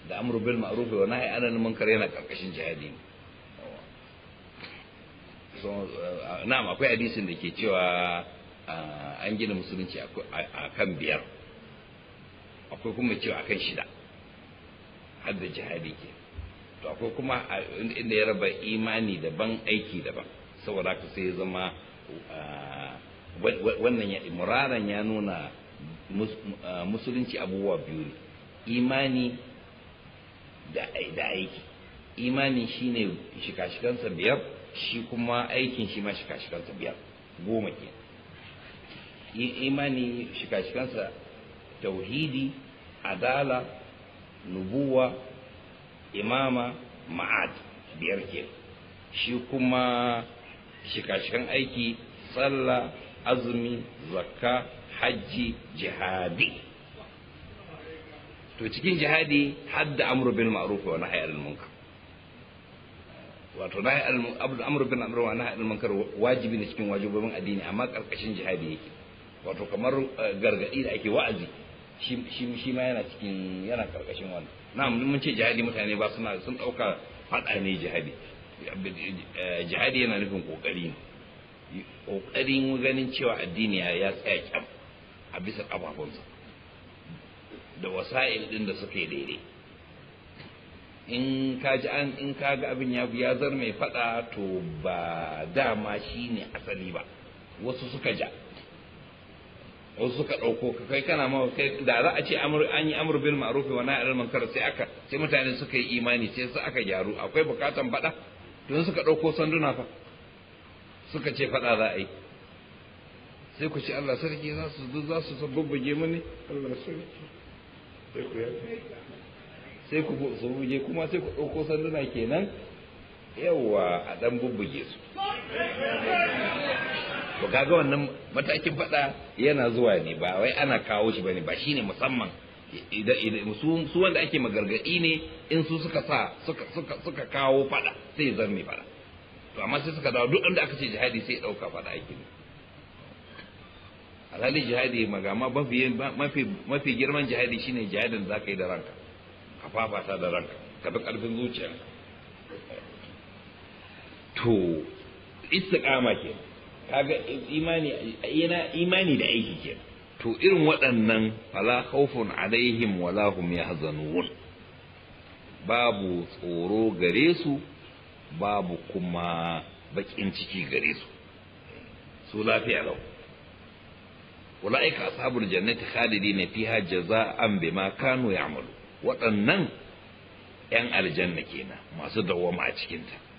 da amru bil ma'ruf wa nahy anil munkar yana karkashin jihadi so uh, na'am akwai hadisin da ke cewa uh, an gina musulunci akan biyar akwai kuma cewa akan shida hadda jihadi ke to akwai kuma inda ya raba imani daban aiki daban saboda ka sai ya zama wannan ya muraran ya nuna musulunci abubuwa biyu ne imani da aiki imanin shine shika-shikansa biyar shi kuma aikin shi ma shika-shikansa biyar goma ke imani shika-shikansa tauhidi adala nubuwa imama ma'ad biyar ke shi kuma shika-shikan aiki sallah azumi zakka hajji jihadi to cikin jihadi hadda amru bil ma'ruf wa nahy al munkar wato nahy al amru bil amru wa nahy al munkar wajibi ne cikin wajibobin addini amma karkashin jihadi yake wato kamar eh, gargadi da ake wa'azi shi ma yana cikin yana karkashin wannan na mun ce jihadi mutane ba suna sun dauka fada ne jihadi jihadi yana nufin kokari ne kokarin ganin cewa addini ya tsaya kyam a bisa kafafunsa da wasa'il din da suka yi daidai in ka ji an in ka ga abin ya ya zar mai fada to ba dama shine asali ba wasu suka ja wasu suka ɗauko ka kai kana ma kai da za a ce an yi amur bil ma'ruf wa nahy anil munkar sai aka sai mutane suka yi imani sai su aka gyaru akwai bukatan bada to suka ɗauko sanduna fa suka ce faɗa za a yi sai ku ce Allah sarki za su duk za su bubbuge mu ne Allah sarki sai ku sai ku bubbuge kuma sai ku ɗauko sanduna kenan yawa a ɗan bubbuge su ka ga wannan matakin fada yana zuwa ne ba wai ana kawo shi bane ba shine musamman su wanda ake magargadi ne in su suka sa suka kawo fada sai ya zarme fada to amma sai suka dawo duk inda aka ce jihadi sai ya dauka fada ake ne alhali jihadi magama mafi mafi girman jihadi shine jihadin da ka yi da ranka ka fafata da ranka ka bi karfin zuciya to istiqama kenan kaga imani yana imani da aiki ke to irin waɗannan fala khawfun alaihim wala hum yahzanun babu tsoro gare su babu kuma bakin ciki gare su su lafiya lau ulaika ashabul jannati khalidin fiha jaza'an bima kanu ya'malu waɗannan 'yan aljanna kenan masu dawwama a cikinta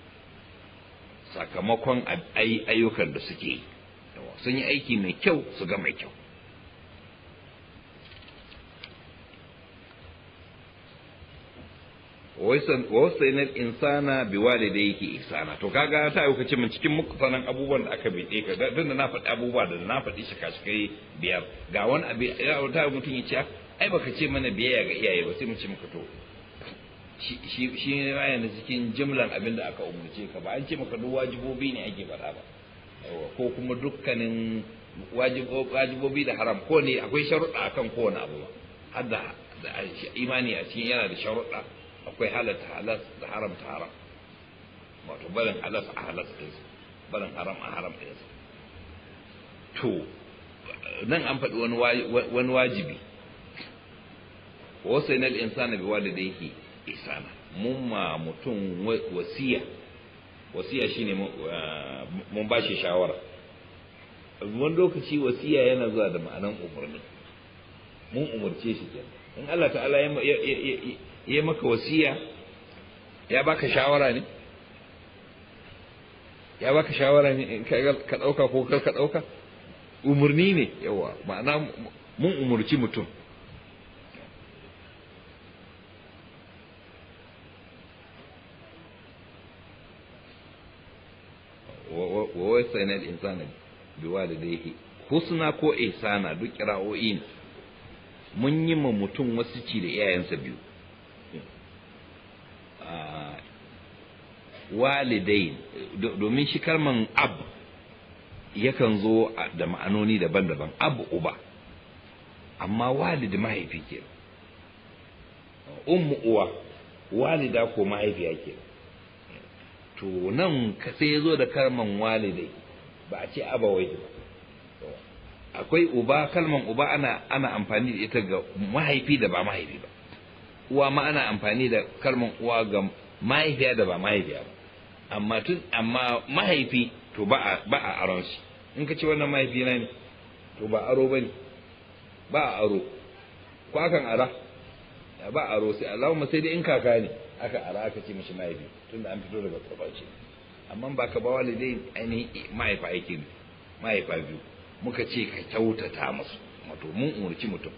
sakamakon ayyukan da suke yi sun yi aiki mai kyau su ga mai kyau wasainar insana bi walidai yake isana to kaga ta yi min cikin muku sanan abubuwan da aka biɗe ka don da na faɗi abubuwa da na faɗi shi kashi biyar ga wani abu ta mutum ya ce ah, ai baka ce mana biyayya ga iyaye ba sai mu ce muka to shi ne ma yana cikin jimlar abin da aka umarce ka ba an ce maka duk wajibobi ne ake faɗa ba ko kuma dukkanin wajibobi da haram ko ne akwai sharuɗa akan kowane abu ba har da imani a cikin yana da sharuɗa akwai halatta halas da haram ta haram wato barin halas a halas su barin haram a haram su to nan an faɗi wani wajibi wasu yanar insana bi walidaihi isana mun ma mutum wasiya wasiya shine uh, mun ba shi shawara wani lokaci wasiya yana zuwa da ma'anan umarni mun umarce shi kenan in Allah ta'ala ya maka wasiya ya baka shawara ne ya baka shawara ne ka ɗauka ko kar ka ɗauka umarni ne yawa ma'ana mun umarci mutum bayna al-insani bi walidayhi husna ko ihsana duk kira'o'i ne mun yi ma mutum wasu ci da iyayensa biyu walidai domin shi kalman ab yakan zo da ma'anoni daban-daban ab uba amma walid mahaifi ke ummu uwa walida ko mahaifiya ke to nan sai ya zo da kalman walidai ba a ce abawai akwai uba kalman uba ana ana amfani da ita ga mahaifi da ba mahaifi ba uwa ma ana amfani da kalman uwa ga mahaifiya da ba mahaifiya ba amma tun amma mahaifi to ba a ba a aron shi in ka ce wannan mahaifi na ne to ba aro bane ba a aro ko akan ara ba a aro sai Allahumma sai dai in kaka ne aka ara aka ce mishi mahaifi tunda an fito daga kwabaci amma ba ka ba walidai ainihin mahaifa yake mahaifa biyu muka ce ka kyautata musu wato mun umarci mutum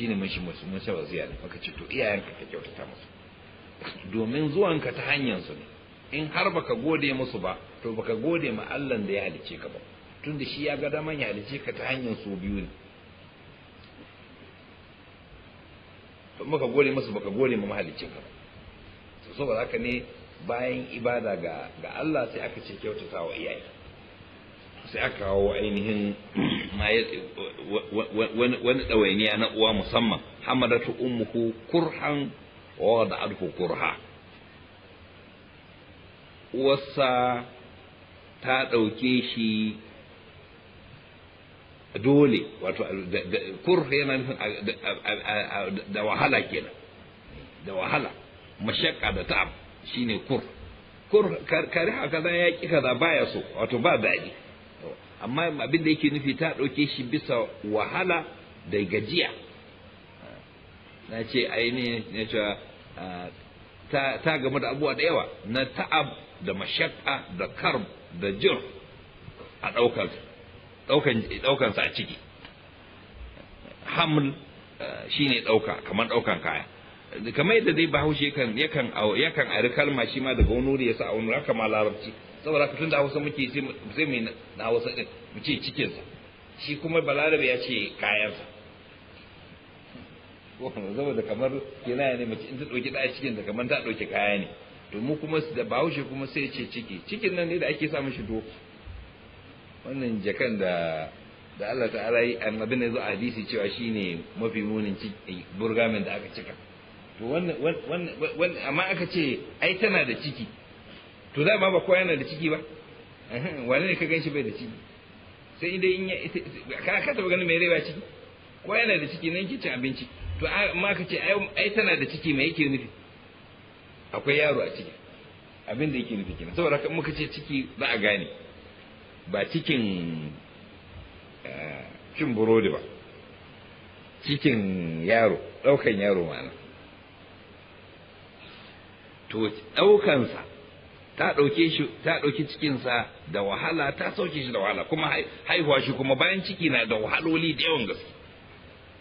ne mashi shi mun sa wasiya ne muka ce to iyayenka ka kyautata musu domin zuwanka ta hanyar su ne in har baka gode musu ba to baka gode ma Allah da ya halice ka ba tun da shi ya ga daman ya halice ka ta hanyar su biyu ne to muka gode musu baka gode ma mahalicin ka ba so ba haka ne bayan ibada ga ga Allah sai aka ce kyautata wa iyaye sai aka kawo ainihin wani ɗawainiya na uwa musamman hamadatu ummuhu kurhan wa da adhu kurha uwarsa ta ɗauke shi dole wato kurha yana nufin da wahala kenan da wahala mashakka da ta'ab shine kur kur kare haka da ya ki kaza baya so wato ba daɗi amma abin da yake nufi ta ɗauke shi bisa wahala da gajiya na ce aini ne ta gamu da abubuwa da yawa na ta'ab da mashakka da karb da jir a ɗaukansa a ciki haml eh, shine ɗauka kamar ɗaukan kaya kamar yadda dai bahaushe yakan yakan yakan ari kalma shi ma daga wani ya sa a wani haka ma larabci saboda haka tunda hausa muke sai mai na hausa din mu ce cikinsa shi kuma balarabe ya ce kayansa saboda kamar yana ne mace in ta ɗauki da cikin da kamar ta ɗauki kaya ne to mu kuma da bahaushe kuma sai ce ciki cikin nan ne da ake sa mishi doki wannan jakan da da Allah ta'ala yi annabi ne zo a hadisi cewa shine mafi munin burgamin da aka cika to wannan wannan amma aka ce ai tana da ciki to da ma ba kowa yana da ciki ba wani ne ka gan shi bai da ciki sai idan in ya ka ka taba ganin mai rai ba ciki kowa yana da ciki nan ke cin abinci to amma aka ce ai tana da ciki mai yake nufi akwai yaro a ciki abin da yake nufi kenan saboda muka ce ciki za a gane ba cikin eh, cin burodi ba cikin yaro ɗaukan yaro ma'ana to ɗaukansa ta ɗauke shi ta ɗauki cikinsa da wahala ta sauke shi da wahala kuma haihuwa shi kuma bayan ciki na da wahaloli da yawan gaske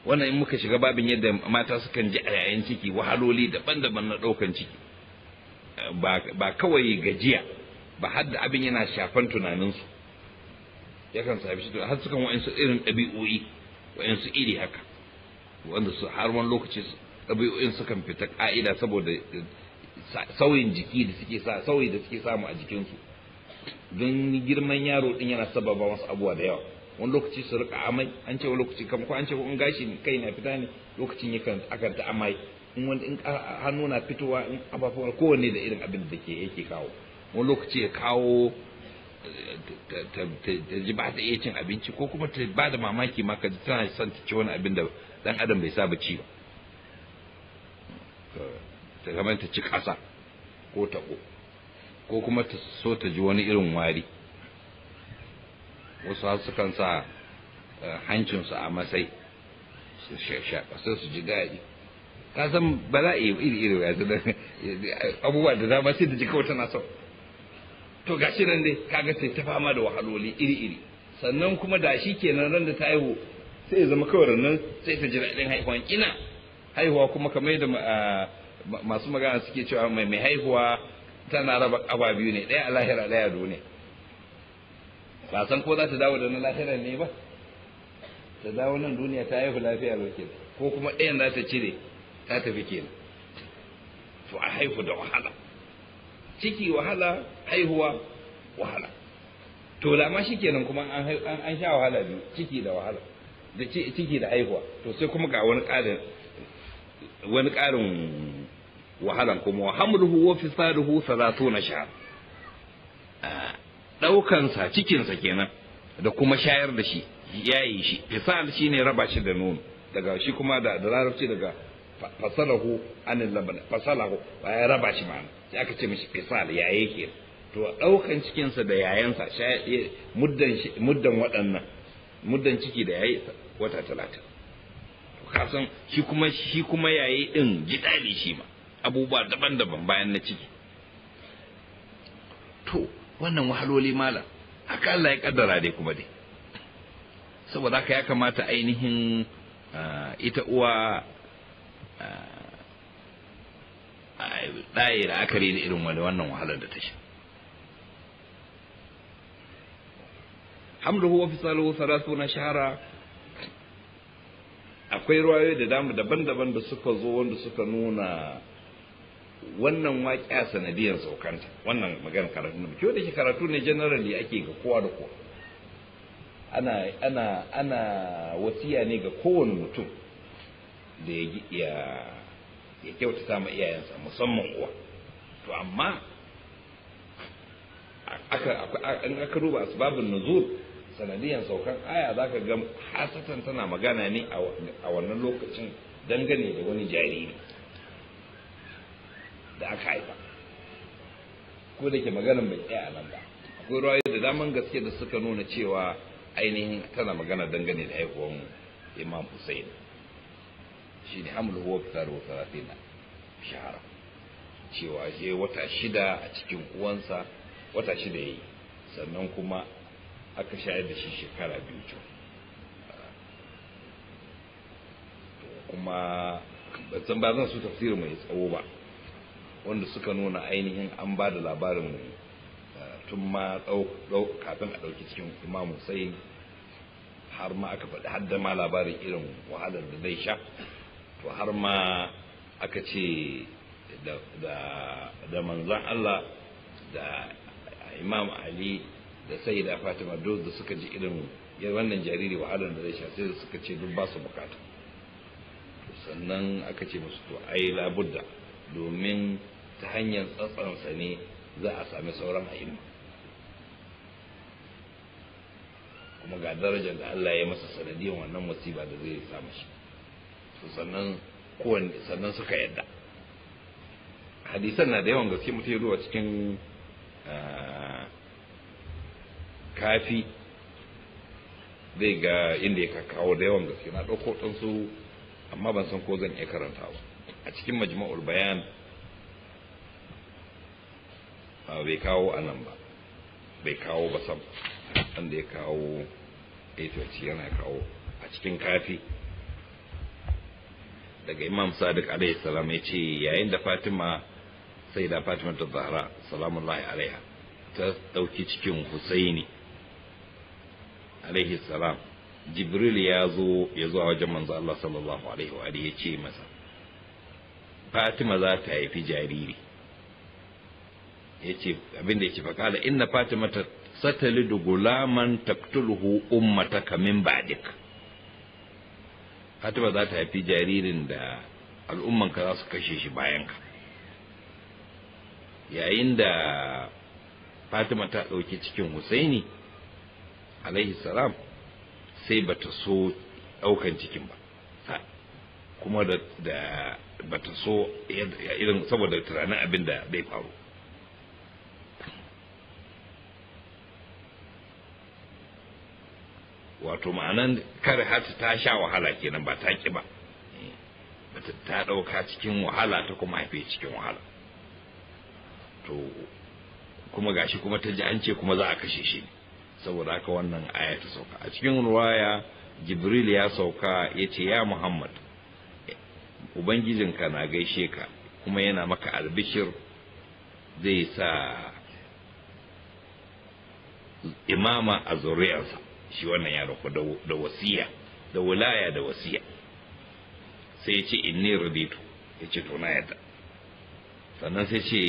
wannan in muka shiga babin yadda mata sukan ji a yayin ciki wahaloli daban-daban na ɗaukan ciki ba kawai gajiya ba har da abin yana shafan tunaninsu yakan sabi shi har sukan wa'insu irin ɗabi'o'i wa'insu iri haka wanda su har wani lokaci ɗabi'o'in sukan fita ƙa'ida saboda sauyin jiki da suke sa sauyi da suke samu a jikinsu don girman yaro din yana sababa wasu abubuwa da yawa wani lokaci su rika amai an ce wani lokaci kamar ko an ce ko in gashi kai na fita ne lokacin yakan akan ta amai in wani in hannu na fitowa in abafuwa kowanne da irin abin da ke yake kawo wani lokaci ya kawo ta ji ba ta iya cin abinci ko kuma ta ba da mamaki ma ka ji tana son ta ci wani abin da dan adam bai saba ci ba ta gama ta ci ƙasa ko taɓo ko kuma ta so ta ji wani irin wari wasu sukan sa eh, hancinsu a masai su shaƙa sai su ji daɗi ka san ba za a iri iri ya da abubuwa da dama sai da ji kawai tana so to gashi nan dai kaga sai ta fama da wahaloli iri iri sannan kuma da shi kenan ran da ta haihu sai ya zama kawai nan sai ta ji daɗin haihuwan ina haihuwa kuma kamar yadda ah, masu magana suke cewa mai mai haihuwa tana raba aba biyu ne ɗaya a lahira ɗaya a duniya ba san ko za ta dawo da na lahira ne ba ta dawo nan duniya ta haihu lafiya lauke ko kuma ɗayan za ta cire ta tafi kenan to a haihu da wahala ciki wahala haihuwa wahala to da ma shikenan kuma an sha wahala biyu ciki da wahala da ciki da haihuwa to sai kuma ga wani ƙarin wani ƙarin wahalan kuma wa hamluhu wa fisaluhu 30 sha daukan sa cikin sa kenan da kuma shayar da shi yayi shi fisal shine raba shi da nono daga shi kuma da larabci daga fasalahu anil laban fasalahu ya raba shi ma'ana sai aka ce mishi fisal yaye yake to daukan cikin sa da yayansa muddan muddan waɗannan muddan ciki da yayi wata to kasan shi kuma shi kuma yayi din gidali shi ma abubuwa daban-daban bayan na ciki to wannan wahaloli malam haka Allah ya kaddara dai kuma dai saboda haka ya kamata ainihin ah, ita uwa ah, ɗaya da aka da irin wani wannan wahalar da ta sha hamduhu Salihu fisaluhu na shahara akwai ruwayoyi da dama daban-daban da suka zo wanda suka nuna wannan a sanadiyar saukanta wannan magana karatu ne kyau da shi karatu ne generally ake ga kowa da kowa ana ana ana wasiya ne ga kowane mutum da ya ya kyautata ma iyayensa musamman uwa to amma aka in aka duba asbabun nuzul sanadiyan saukan aya zaka ga hasatan tana magana ne a wannan lokacin dangane da wani jariri da aka haifa ko da ke maganar mai tsaye a nan ba akwai ruwaye da daman gaske da suka nuna cewa ainihin tana magana dangane da haihuwan imam hussein shi ne hamlu huwa fitar wa sarafina shahara cewa je wata shida a cikin uwansa wata shida ya yi sannan kuma aka shayar da shi shekara biyu ce kuma ba zan su tafsirin mai tsawo ba wanda suka nuna ainihin an ba da labarin eh, tun ma kafin a ɗauki cikin imamu sai har ma aka faɗi hadda ma labarin irin wahalar da zai sha to har ma aka ce da manzan Allah da imam Ali da sai da fatima duk da suka ji irin wannan jariri wahalar da zai sha sai suka ce duk ba su bukata sannan aka ce musu to ai labudda domin ta hanyar tsatsansa ne za a sami sauran a'imma kuma ga darajar da Allah ya masa sanadiyar wannan musiba da zai samu shi sannan kowanne sannan suka yadda hadisan na da yawan gaske mutum ya cikin ah, kafi zai ga inda ya kakawo da yawan gaske na ɗauko ɗansu amma ban san ko zan iya karanta karantawa a cikin majma'ul bayan bai kawo a nan ba bai kawo ba sam wanda ya kawo etoci eh yana kawo a cikin kafi daga imam sadiq alaihi salam ya ce yayin da fatima sai da fatima ta zahra salamullahi alaiha ta ɗauki cikin husaini alaihi salam jibril ya zo ya zo a wajen manzo Allah sallallahu alaihi wa ya ce masa fatima za ta haifi jariri yace abinda yace fa kala inna fatima ta satalidu gulaman ummata ummataka min ba'dik fatima za ta haifi jaririn da al'ummanka za su kashe shi bayan ka. yayin da fatima ta ɗauki cikin husaini alaihi salam sai bata so ɗaukan cikin ba kuma da bata so irin saboda tunanin abin da bai faru wato ma'anan kare hata ta sha wahala kenan ba ta ki ba bata ta ɗauka cikin wahala ta kuma haife cikin wahala to kuma gashi kuma ta ji an ce kuma za a kashe shi saboda haka wannan aya ta sauka a cikin ruwaya jibril ya sauka ya ce ya muhammad ubangijinka na gaishe ka kuma yana maka albishir zai sa imama a zuriyarsa shi wannan ya rufu da wasiya da wulaya da wasiya sai ya ce inni rubitu ya ce to yadda sannan sai ce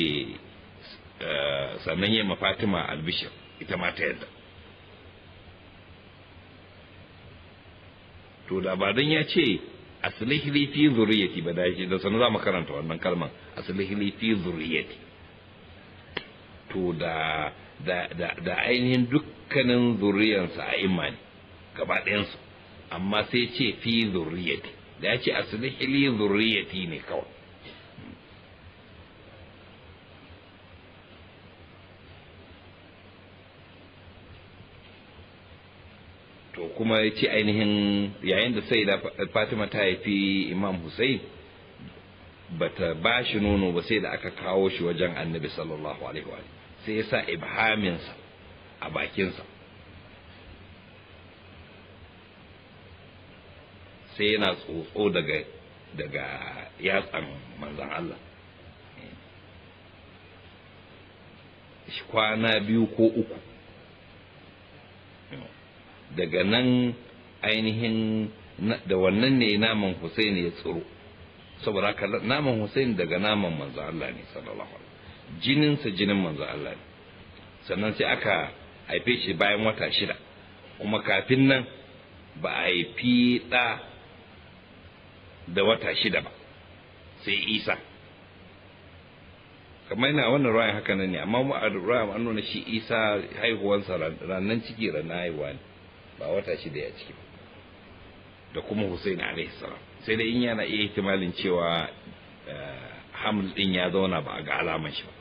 eh, sannan ya mafatima albishir ita ma ta yadda to da ba don ya ce aslih fi zuriyati ba da shi da sanu za mu karanta wannan kalman aslih fi zuriyati to da da da, ainihin dukkanin zuriyansa a imani gaba ɗayansu amma sai ce fi zuriyati da ya ce zuriyati ne kawai kuma ya ce ainihin yayin da sai da fatima ta haifi imam hussein bata ba shi nono ba sai da aka kawo shi wajen annabi sallallahu alaihi wa sai ya sa ibhaminsa a bakinsa sai yana tsotso daga daga yatsan manzan Allah kwana biyu ko uku daga nan ainihin da wannan ne naman Hussein ya tsiro saboda haka naman Hussein daga naman manzo Allah ne sallallahu alaihi jinin sa jinin manzo Allah ne sannan sai aka haife shi bayan wata shida kuma kafin nan ba a haifi ɗa da wata shida ba sai Isa kamar yana wannan ruwan haka ne amma mu a an nuna shi Isa haihuwansa ranan ciki ranan haihuwa ne ba wata shida ya ciki da kuma Hussein alaihi salam sai dai in yana iya ihtimalin cewa eh, haml din ya zauna ba a ga alaman shi ba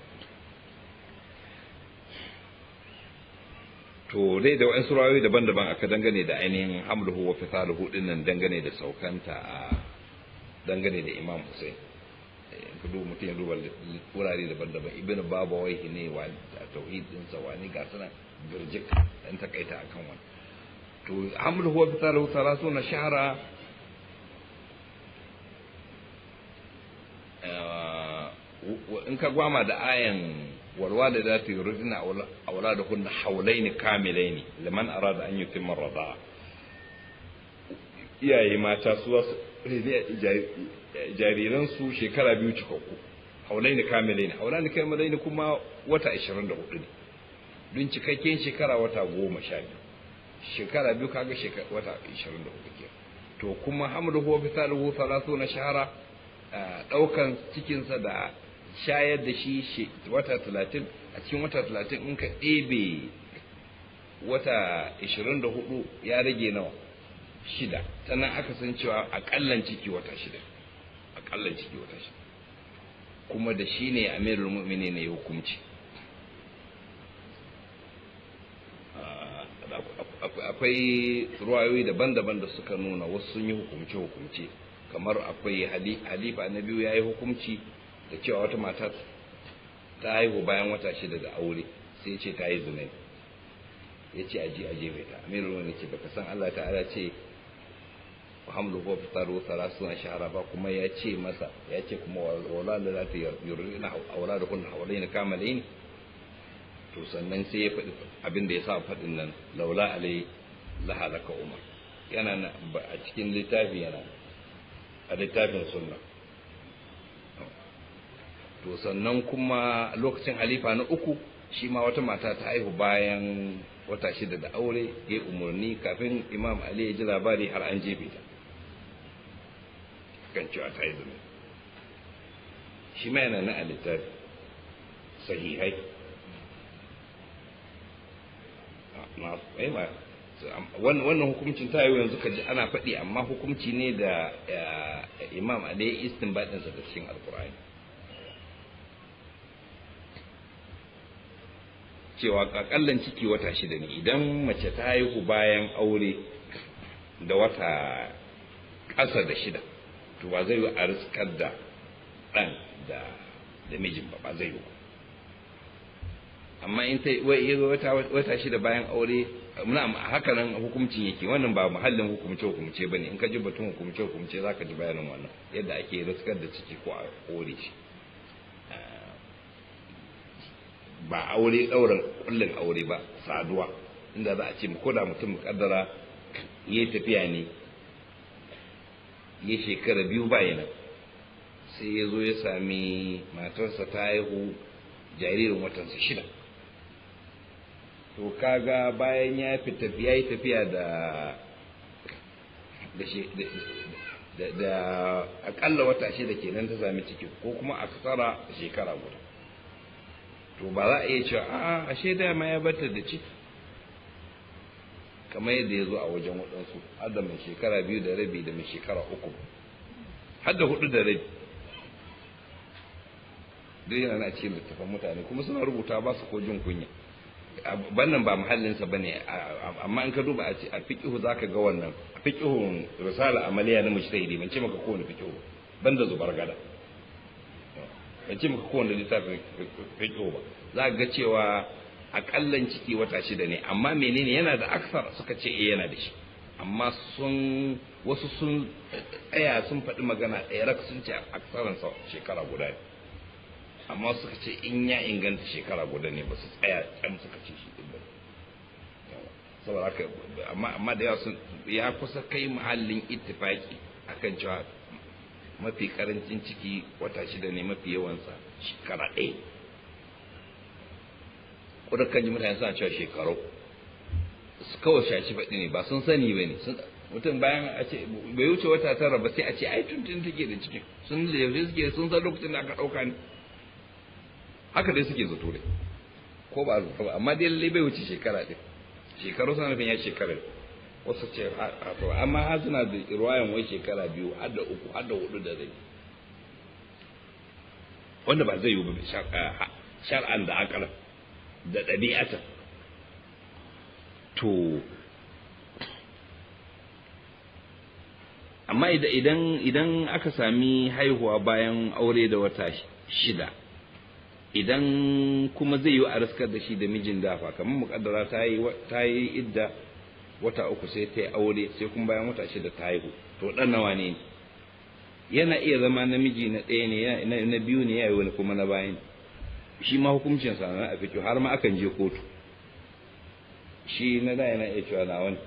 to dai da wa'in surawi daban-daban aka dangane da ainihin hamluhu wa fitaluhu din nan dangane da saukanta a dangane da imam Hussein eh, kudu mutum ya duba wurare daban-daban ibn babu ne wa tauhid din sa wani ga suna birjik dan takaita akan wani to hamluhu wa fitaluhu thalathuna shahara uh, in ka gwama da ayan walwa da za ta yi rufina a wula da kunna haulai ne kamilai ne liman da an yi timar rada iyaye mata su wasu jariransu shekara biyu cikakku haulai ne kamilai ne haulai ne kamilai ne kuma wata ashirin da hudu ne don cikakken shekara wata goma sha biyu shekara biyu kaga shekara wata 23 ke to kuma hamduhu salatu na shahara daukan cikinsa da shayar da shi wata 30 a cikin wata 30 in ka ɗebe wata 24 ya rage nawa shida sannan aka san cewa akallan ciki wata shida akallan ciki wata shida kuma da shi ne amirul mu'mini ne hukunci akwai ruwayoyi daban-daban da suka nuna wasu sun yi hukumce-hukumce kamar akwai halifa na biyu ya yi hukumci da cewa wata mata ta haihu bayan wata shida da aure sai ce ta yi zunai ya ce aji a jefe ta ruwan ya ce baka san allah ta'ala ce hamlu ko tsaro salasu na shahara ba kuma ya ce masa ya ce kuma wala da za ta yi aure da kunna haulai na kamalai ne to sannan sai ya faɗi abin da ya sa faɗin nan laula alai lahalaka umar yana a cikin littafi yana a littafin sunna to sannan kuma lokacin halifa na uku shi ma wata mata ta haihu bayan wata shida da aure ya umarni kafin imam ali ya ji labari har an jefe ta kan cewa ta yi zama shi ma yana na a littafi sahihai Eh, wannan hukumcin ta yi yanzu ka ji ana faɗi amma hukumci ne da imam a ya istinbadinsa da cikin alkur'ani cewa ƙaƙallan ciki wata shida ne idan mace ta haihu bayan aure da wata ƙasa da shida to ba zai yi a riskar da ɗan da mijin ba ba zai yi amma in ta wata wata shida bayan aure a haka nan hukuncin yake wannan ba muhallin hukumce hukumce bane in ka ji batun hukumce hukumce zaka ji bayanin wannan yadda ake riskar da ciki ko a kore shi ba aure ɗaurin kwallon aure ba saduwa inda za a ce ko da mutum kaddara yayi tafiya ne ya shekara biyu bayan nan sai ya zo ya sami matarsa ta haihu jaririn watansa shida to kaga bayan ya fita ya tafiya da da da akalla wata shida kenan ta sami ciki ko kuma a tsara shekara guda to ba za a iya cewa a ashe ma ya bata da ciki kamar yadda ya zo a wajen waɗansu har da mai shekara biyu da rabi da mai shekara uku har da hudu da rabi duk yana na ce littafan mutane kuma suna rubuta ba su ko jin kunya wannan ba muhallinsa ba ne amma in ka duba a fiƙihu za ka ga wannan a risala amaliya na mujtahidi ban ce maka kowane fiƙihu ban da zubar gada ban ce maka kowane littafin fiƙihu ba za ka ga cewa aƙallan ciki wata shida ne amma menene yana da aksar suka ce eh yana da shi amma sun wasu sun tsaya sun faɗi magana ɗaya eh, rak sun ce sa shekara guda ne amma suka ce in ya inganta shekara guda ne ba su tsaya can suka ce shi din bane saboda haka amma amma da yawa sun ya kusa kai muhallin a akan cewa mafi karancin ciki wata shida ne mafi yawansa shekara ɗaya kuda kan ji mutane suna cewa shekaru su kawai shashi faɗi ne ba sun sani ba ne mutum bayan a ce bai wuce wata tara ba sai a ce ai tuntun take da cikin sun da yaushe suke sun san lokacin da aka ɗauka ne haka dai suke zato dai ko ba zato? ba amma dai lalle bai wuce shekara din shekaru suna nufin ya shekara wasu ce amma har suna da ruwayan wai shekara biyu har da uku har da hudu da rai wanda ba zai yi ba shar'an da akala da ɗabi'ata to amma idan idan aka sami haihuwa bayan aure da wata shida idan kuma zai yi a raskar da shi da mijin dafa kamar mukaddara ta yi ta yi idda wata uku sai ta yi aure sai kuma bayan wata shida ta haihu to dan nawa ne yana iya zama namiji na ɗaya ne na biyu ne ya yi wani kuma na bayan shi ma hukuncin sa na afiki har ma akan je kotu shi na da yana iya cewa na wani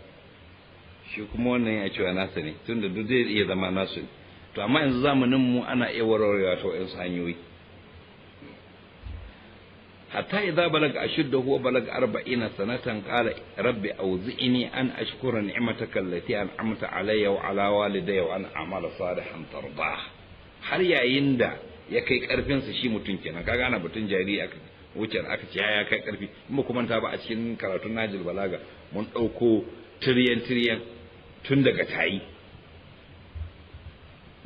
shi kuma wannan ya cewa nasa ne tunda duk zai iya zama nasu ne to amma yanzu zamanin mu ana iya warwarewa ta wayansu hanyoyi hatta idza balaga ashuddahu wa balaga arba'ina sanatan qala rabbi awzi'ni an ashkura ni'mataka allati an'amta alayya wa ala walidayya wa an a'mala salihan tardah har yayin da ya kai karfin sa shi mutun kenan kaga ana batun jariri aka wuce aka ce ya kai karfi kuma kuma ta ba a cikin karatun najil balaga mun dauko tiryan tiryan tun daga tayi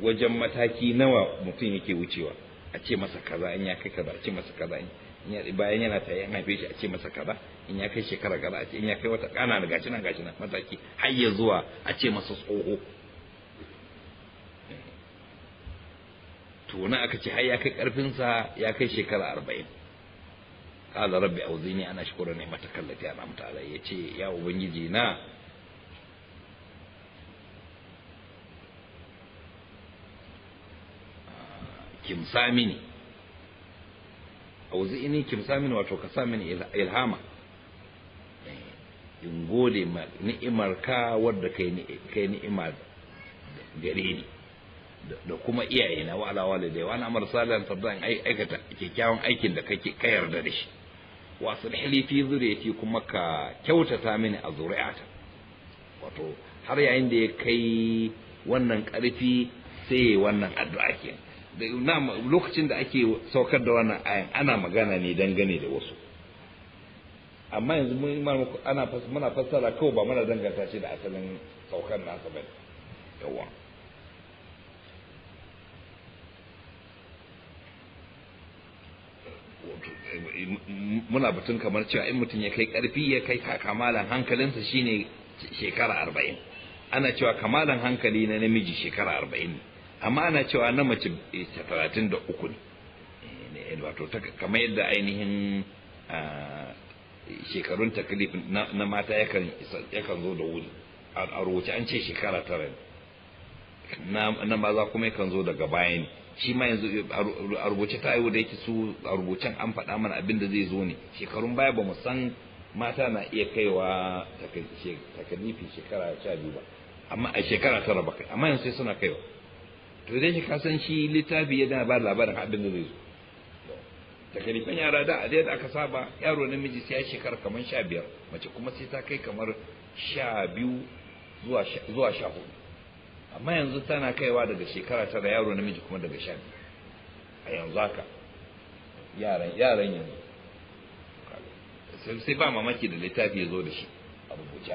wajen mataki nawa mutum yake wucewa a ce masa kaza in ya kai kaza a ce masa kaza in bayan yana ta yan haife shi a ce masa kaza in ya kai shekara gaba a ce in ya kai wata kana da gashi nan gashi nan mataki har ya zuwa a ce masa tsoho to aka ce har ya kai karfin sa ya kai shekara arba'in qala rabbi auzini ana shukura ne mata kallati ana mata alai yace ya ubangiji na ah, sami mini auzi'ini kimsa mini wato ka sa mini ilhama eh, in gode ma ni'imar ka wadda kai ni'ima gare ni da kuma iyayena wa ala walidai wa al'amar salihan in aikata kyakkyawan aikin da kake ka yarda da shi wa sulhili fi zuriyati kuma ka kyautata mini a zuri'ata wato har yayin da ya kai wannan karfi sai wannan addu'a kenan lokacin da ake saukar da wannan ayan ana magana ne dangane da wasu amma yanzu mun yi ana muna fassara kawai ba mana danganta shi da asalin saukar nasa bane yawa muna batun kamar cewa in mutum ya kai karfi ya kai kamalan hankalinsa shine shekara arba'in ana cewa kamalan hankali na namiji shekara arba'in amma ana cewa na mace eh, talatin da uku ne eh, wato kamar yadda ainihin ah, shekarun taklif na mata yakan zo da wuri a rubuce an ce shekara tara ne na maza kuma yakan zo daga baya ne shi ma yanzu a rubuce ta yi da yake su a rubucen an faɗa mana abin da zai zo ne shekarun baya ba mu san mata na iya kaiwa takalifi shekara sha biyu ba amma a shekara tara ba kai amma yanzu sai suna kaiwa to dai shi kasan shi littafi dana ba labarin abin da zai zo takalifan yara da a da aka saba yaro namiji sai ya shekar kamar sha biyar mace kuma sai ta kai kamar sha biyu zuwa sha hudu amma yanzu tana kaiwa daga shekara tara yaro namiji kuma daga sha biyu a yanzu haka yaran yaran yanzu sai ba mamaki da littafi ya zo da shi a rubuce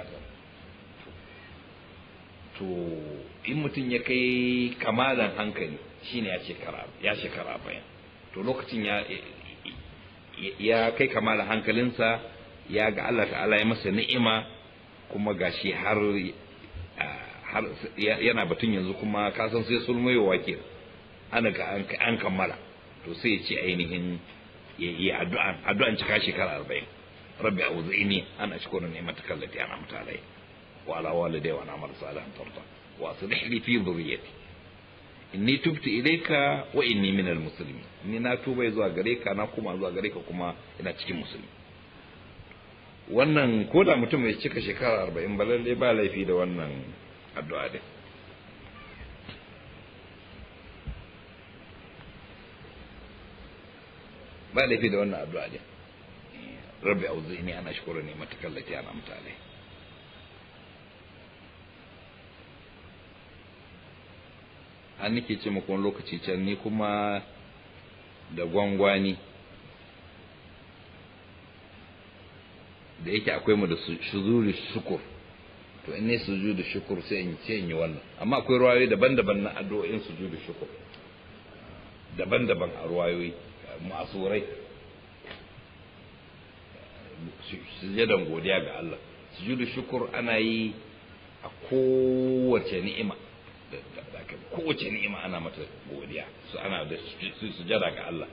To in mutum ya kai kamalan hankali shine ya ya shekara bayan to lokacin ya kai kamalan hankalinsa ya ga Allah ta'ala ya masa ni'ima kuma gashi har har yana batun yanzu kuma ka san sai sulmayowa ke ana ga an kammala to sai ya ce ainihin ya yi addu'an addu'an cika shekara arba'in rabbi a wuzi'ini ana cikin ni'imar da ana mutalai وعلى والدي وعن عمل صالحا ترضى وأصلح لي في ذريتي إني tubtu إليك wa من المسلمين إني ni na tuba أنا gare ka na kuma إنا gare ka kuma ina cikin musulmi wannan ko da mutum ya cika shekara arba'in ba lallai ba laifi da wannan addu'a din ba laifi da wannan addu'a din rabbi auzi'ni ana shukura ne matakallati ana mutane. an nake ce muku wani lokaci can ni kuma da gwangwani da yake akwai mu da shuzuri shukur to in ne su da shukur sai in ce in yi wannan amma akwai ruwayoyi daban-daban na addu'o'in su da shukur daban-daban a ruwayoyi je da godiya ga Allah Su da shukur ana yi a kowace ni'ima kowace ni'ima ana mata godiya su ana da sujada ga Allah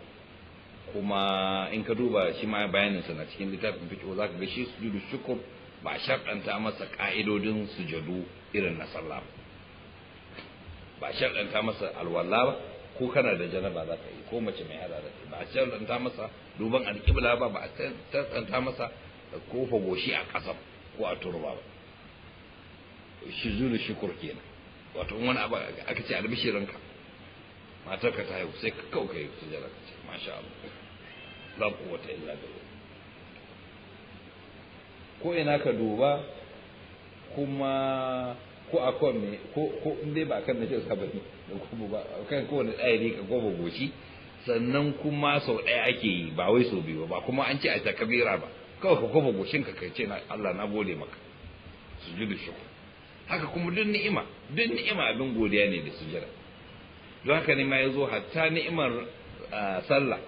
kuma in ka duba shi ma bayanin sa na cikin littafin fiqh zaka ga shi sujudu shukr ba sharɗanta masa ka'idodin sujudu irin na sallah ba sharɗanta masa alwala ba ko kana da janaba za ka yi ko mace mai hada ba a sharɗanta masa duban alƙibla ba ba a sharɗanta masa kofa goshi a ƙasa ko a turba ba shi zuru shukur kenan wato wani abu aka ce albishirinka matar ka ta haihu sai ka yi kai sujada ka ce masha Allah babu wata illa billah ko ina ka duba kuma ko a kan me ko ko in dai ba kan da ce ba ne da kuma ba kan kowane ne ka goba goshi sannan kuma sau ɗaya ake yi ba wai sau biyu ba kuma an ce a takabira ba kawai ka goba goshin ka kai ce Allah na gode maka su da shuku. haka kuma duk ni'ima duk ni'ima abin godiya ne da sujira don haka ne ma ya zo hatta ni'imar sallah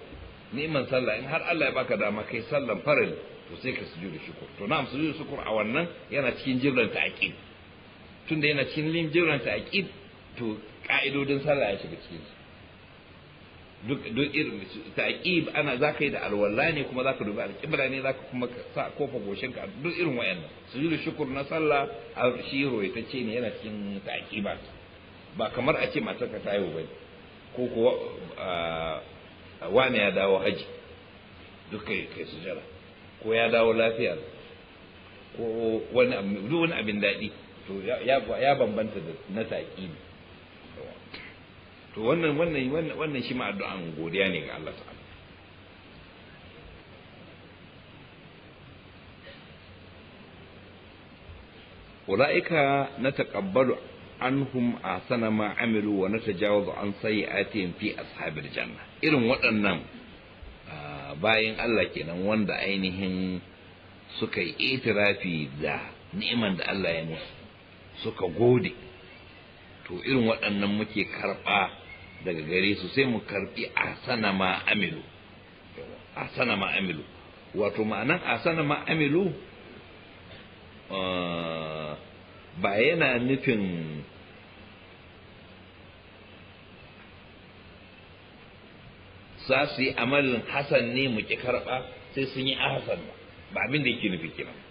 ni'imar sallah in har Allah ya baka dama kai sallan farin to sai ka sujudu shukur to na'am sujudu shukur a wannan yana cikin jirran ta'aqid tunda yana cikin lim jirran ta'aqid to ka'idodin sallah ya shiga cikin duk duk irin taqib ana zaka yi da alwala ne kuma zaka dubi alqibla ne zaka kuma sa kofa goshin ka duk irin wayannan sujudu shukr na sallah a shiro ita ce ne yana cikin taqiba ba kamar a ce matar ka tayo bane ko ko wani ya dawo haji duk kai kai sujara ko ya dawo lafiya ko duk wani abin daɗi to ya bambanta da na taqibi to wannan wannan wannan shi ma addu'an godiya ne ga Allah ta'ala ulaika nataqabbalu anhum asana ma amilu wa natajawazu an sayi'atihim fi ashabil janna irin waɗannan bayan Allah kenan wanda ainihin suka yi itirafi da ni'iman da Allah ya musu suka gode to irin waɗannan muke karɓa daga gare su sai mu karbi sana ma amilu sana ma amilu wato ma'anan sana ma amilu uh, ba yana nufin za su yi amalin hasan ne mu ki karɓa sai sun yi ahasan ba ba abin da yake nufi kenan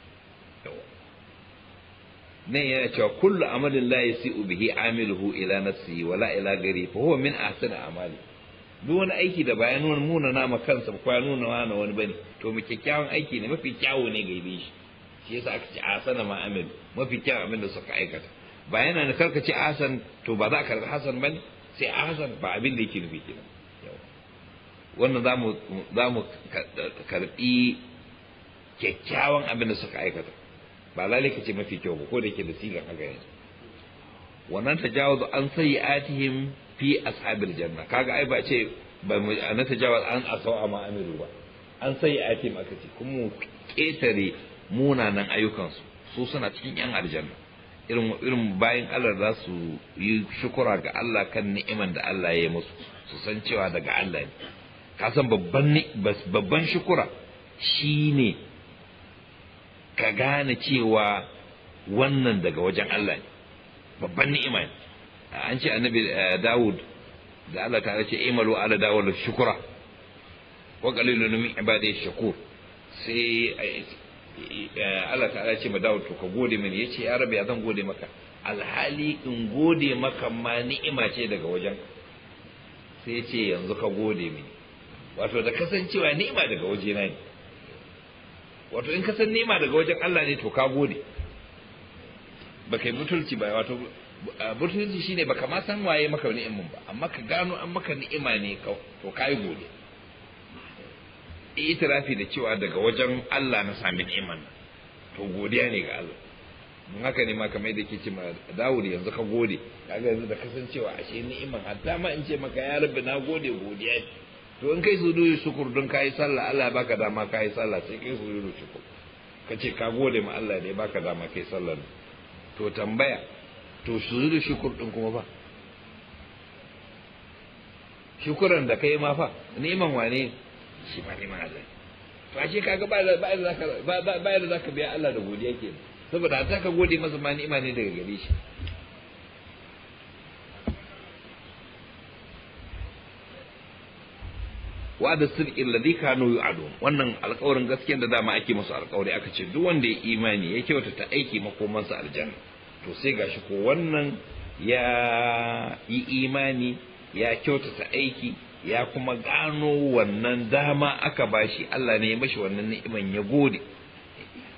nan yana cewa kullu amalin la yasi'u bihi amiluhu ila nafsihi wala ila gari fa huwa min ahsani amali duk wani aiki da bayan nuna nuna nama kansa ko ya nuna wani wani bane to mu kyakkyawan aiki ne mafi kyawu ne ga shi shi yasa aka ce asana ma amil mafi kyawun abin da suka aikata ba yana da karka ce asan to ba za ka karbi hasan bane sai asan ba abin da yake nufi kenan wannan za mu karɓi kyakkyawan abin da suka aikata ba lalai ka ce mafi kyau ba ko da ke da sigan haka yanzu wannan tajawuz an atihim fi ashabil janna kaga ai ba ce ba na tajawuz an asawa ma amiru ba an atihim aka ce kuma ketare munanan ayyukansu su suna cikin yan aljanna irin irin bayan Allah za su yi shukura ga Allah kan ni'iman da Allah ya yi musu su san cewa daga Allah ne ka san babban babban shukura shine ka gane cewa wannan daga wajen Allah ne babban ni'ima ne an ce annabi eh, Dawud da Allah ta ce imalu ala Dawud shukura wa qalilun min ibadi shukur sai eh, Allah ta ce ma Dawud to ka gode mini yace ya rabi zan gode maka alhali in gode maka ma ni'ima ce daga wajen sai ce yanzu ka gode mini wato da kasancewa ni'ima daga wajena ne wato in ka san nema daga wajen Allah ne to ka gode baka yi mutunci ba wato butulci shine baka ma san waye maka ni'imin ba amma ka gano an maka ni'ima ne ka to yi gode itirafi da cewa daga wajen Allah na sami ni'iman to godiya ne ga Allah mun haka ne ma kamar yadda ke ce ma Dawud yanzu ka gode kaga yanzu da kasancewa ashe ni'iman hatta ma in ce maka ya rabbi na gode godiya to in kai sujudu shukur don kai sallah Allah ya baka dama kai sallah sai kai sujudu shukur Ka ce ka gode ma Allah da ya baka dama kai sallah to tambaya to sujudu shukur din kuma ba shukuran da kai ma fa neman wane shi ba neman Allah to ashe kaga ba ba ba ba ba biya Allah da godiya kenan saboda ta ka gode masa ma ni'ima ne daga gare shi Wa da wa'ada sirqi alladhi kanu ado. wannan alƙawarin gaskiyar da dama ake musu alƙawari aka ce duk wanda ya imani ya kyautata aiki makomansa aljanna to sai gashi ko wannan ya yi imani ya kyautata aiki ya kuma gano wannan dama aka bashi Allah ne ya mashi wannan ni'iman ya gode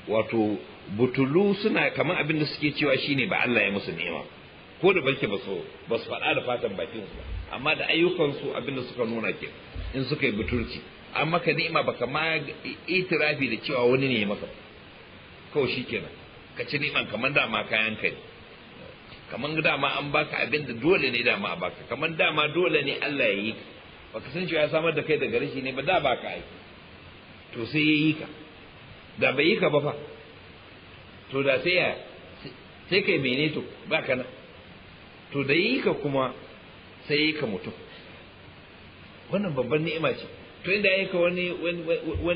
wato butulu suna kamar abin da suke cewa shine ba Allah ya musu ni'ima ko da barke ba so ba su faɗa da fatan bakin su ba amma da ayyukansu abinda suka nuna ke in suka yi buturci an maka ni'ima baka ma itirafi da cewa wani ne ya maka kawai shi kenan ka ci ni'iman kamar dama kayan kai kamar dama an baka abinda dole ne dama a baka kamar dama dole ne Allah ya yi ka baka san cewa ya samar da kai daga rashi ne ba da baka aiki to sai ya yi ka da bai yi ka ba fa to da sai ya sai kai mene to baka na to da yi ka kuma sai ka mutum wannan babban ni'ima ce to inda ya ka wani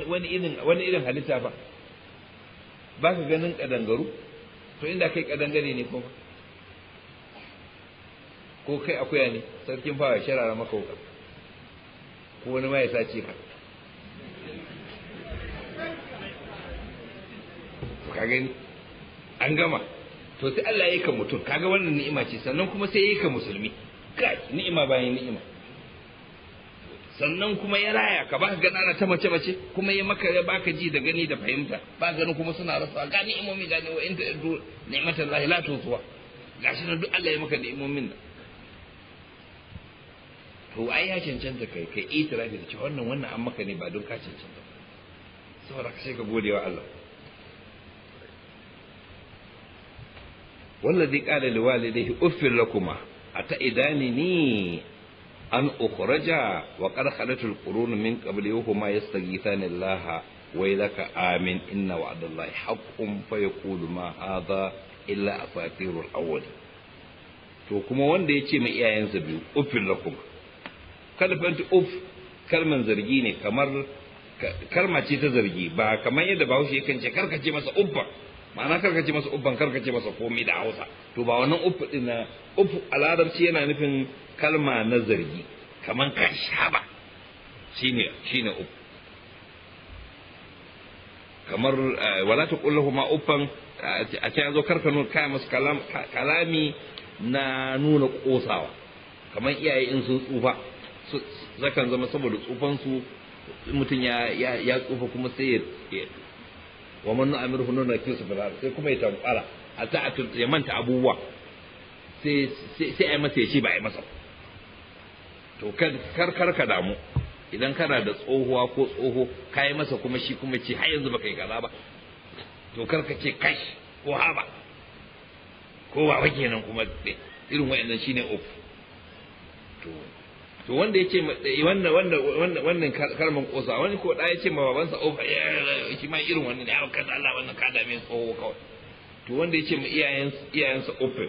wani irin wani irin halitta ba ba ka ganin kadangaru to inda kai kadangare ne kuma ko kai akuya ne sarkin fawa ya sharara maka wuka ko wani ma ya sace ka ka gani an gama to sai Allah ya yi ka mutum kaga wannan ni'ima ce sannan kuma sai ya yi ka musulmi kai ni'ima bayan ni'ima sannan kuma ya raya ka ba ka gana ta mace mace kuma ya maka ya baka ji da gani da fahimta ba ganin kuma suna rasa ga ni'imomi ga ni wa inda yaddu ni'matan lahi la Ga gashi na duk Allah ya maka ni'imomin nan to ai ya cancanta kai kai itirafi da cewa wannan wannan an maka ne ba don ka cancanta saboda ka sai ka gode wa Allah wallazi qala liwalidayhi uffir lakuma ata ni an ukhraja wa qad khalatul qurun min qabli wa huma yastaghithani Allah wa ilaka amin inna wa'dallahi haqqun fa yaqulu ma hadha illa afatirul awwal to kuma wanda yace mai iyayensa biyu uffin lakum kalfanta uff kalman zargi ne kamar kalma ce ta zargi ba kamar yadda bahaushe yakan ce karkace masa uffa ma'ana karkace masa uffan karkace masa komai da hausa to ba wannan uf din na al'adarci yana nufin kalma na zargi kaman ka sha ba shine shine uf kamar eh, wala ta kullahu ma uffan a ce yanzu karka nuna kaya musu kalami na nuna kosawa kamar iyaye in sun tsufa zakan zama saboda tsufansu mutum ya tsufa kuma sai ya wa man nu'amiru hununa kisu fil sai kuma ya tamfara a za a ya manta abubuwa sai a yi masa ya ce ba a yi masa to kar kar ka damu idan kana da tsohuwa ko tsoho ka yi masa kuma shi kuma ce har yanzu baka yi kaza ba to kar ka ce kash ko haba ko ba wa kenan kuma irin wa'annan shine of to to wanda yace wanda wanda eh, wanda wannan kalman kosa wani ko da yace ma babansa ofa eh, shi ma irin wannan ya aka kaza Allah wannan ka dame tsoho kawai to wanda yake ma iyayensa ofe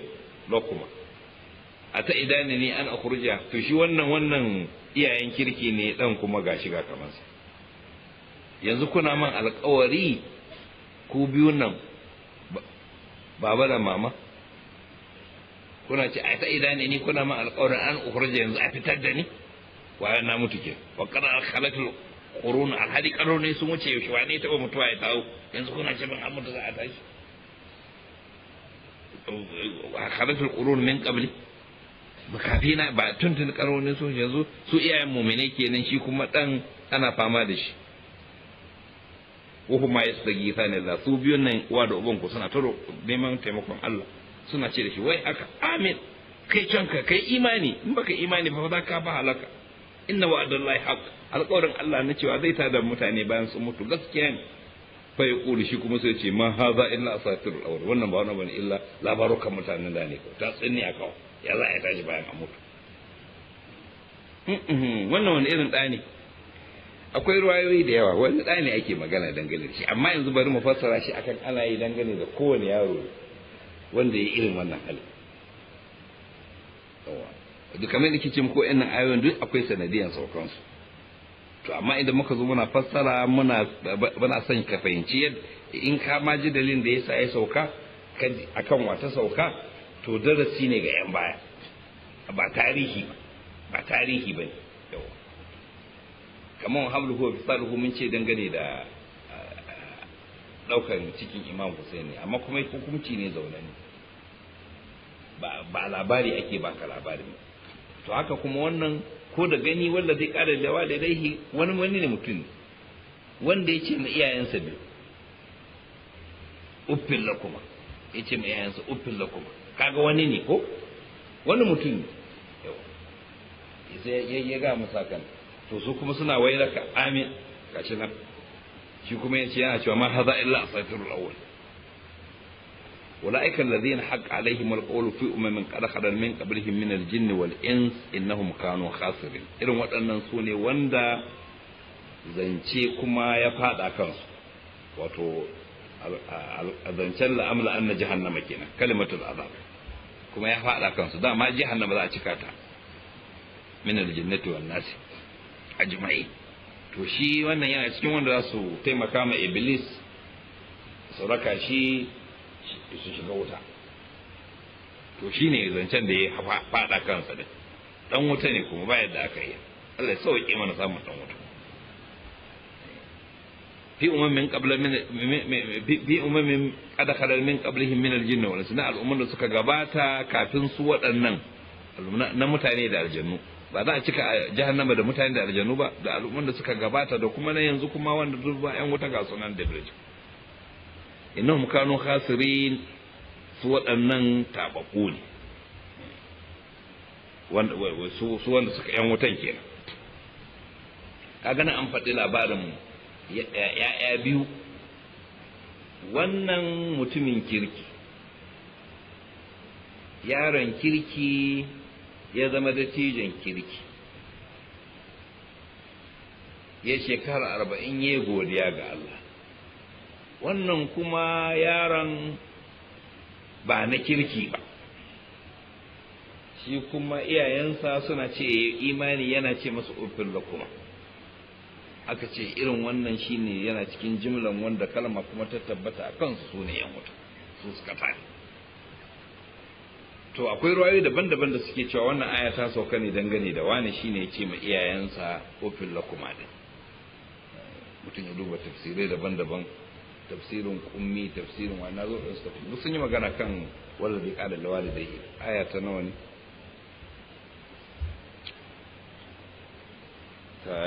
lokuma a ta idani ne an akurja to shi wannan wannan iyayen kirki ne dan kuma ga shiga sa yanzu kuna man alkawari ku biyu nan baba da mama kuna ce a ta idani ne kuna man alƙawari an akurja yanzu a fitar da ni wayan na mutu ke wa kana khalatul qurun alhadi qarone sun wuce yaushe ta taba mutuwa ya dawo yanzu kuna ce ban an mutu za a tashi khalafil qurun min qabli makafi ba tuntun karonin su yanzu su iyayen mumine nan shi kuma ɗan ana fama da shi wahuma ya tsagi ta ne za su biyun nan da uban ku suna ta neman taimakon Allah suna ce da shi wai aka amin kai canka kai imani in baka imani ba za ka ba halaka inna wa'adallahi haqq alƙawarin Allah na cewa zai tada mutane bayan sun mutu gaskiya ne fa yaqulu shi kuma sai ce ma hadha illa asatirul awwal wannan ba wani bane illa kan mutanen da ne ko ta tsinni a kawo ya za a tashi bayan a mutu wannan wani irin ɗani akwai ruwayoyi da yawa wani ɗani ake magana dangane da shi amma yanzu bari mu fassara shi akan ana yi dangane da kowane yaro wanda ya irin wannan hali duk kamar da ke ce muku ayoyin duk akwai sanadiyan saukansu to amma idan muka zo muna fassara muna muna son ka fahimci in ka ma ji dalilin da yasa ya sauka akan wata sauka to darasi ne ga yan baya ba tarihi ba ba tarihi bane yawa kamar hamluhu ko mun ce dangane da daukan cikin imam Hussein ne amma kuma hukunci ne zaune ne ba labari ake baka labari ne to haka kuma wannan ko da gani wanda zai ƙara da walidaihi wani wani ne mutum ne. wanda ya ce ma iyayensa biyu uffin lakuma ya ce ma iyayensa uffin lakuma kaga wani ne ko wani mutum ne sai ya ga musakan to su kuma suna ka amin gashi nan shi kuma ya ce yana cewa ma haza illa asafirul awwal أولئك الذين حق عليهم القول في أمم قد خلت من قبلهم من الجن والإنس إنهم كانوا خاسرين إذن وأن سوني وندا zance kuma ya fada kansu wato zancen la'amla na jihannama kenan kalimatul azab kuma ya fada kansu dama jihannama za a cika ta nasi to shi wannan yana cikin wanda za su taimaka ma iblis su raka shi su shiga wuta to shi ne zancen da ya faɗa kansa da dan wuta ne kuma ba yadda aka yi Allah ya sauƙi mana samun dan wuta fi umamin qabla min fi umamin qad khalal min qablihim min al wal insi al'umman da suka gabata kafin su waɗannan na mutane da aljannu ba za a cika jahannama da mutane da aljannu ba da al'umman da suka gabata da kuma na yanzu kuma wanda duk ba yan wuta ga sunan da birji innahum kanu khasirin su waɗannan tabaku ne su wanda suka yan wutan kenan kaga na an faɗi labarin ya'ya biyu wannan mutumin kirki yaron kirki ya zama dattijon kirki ya shekara arba'in ya godiya ga Allah wannan kuma yaron ba na kirki ba shi kuma iyayensa suna ce imani yana ce masu ofin da kuma aka ce irin wannan shi ne yana cikin jimlan wanda kalma kuma ta tabbata a kansu su ne yan wuta su suka fadi to akwai ruwayoyi daban-daban da suke cewa wannan aya ta sauka ne dangane da wani shi ne ce ma iyayensa ofin lakuma din mutum ya duba tafsirai daban-daban tafsirin kummi tafsirin wa na zo da su tafi sun yi magana kan wanda bai kada lawali da aya ta nawa ne ta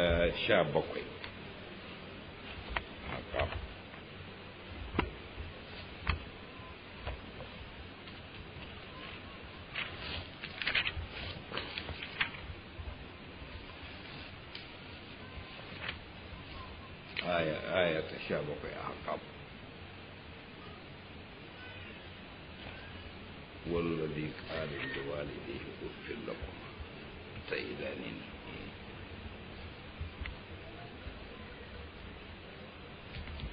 sha bakwai والذي قال لوالديه اف لكم سيدانين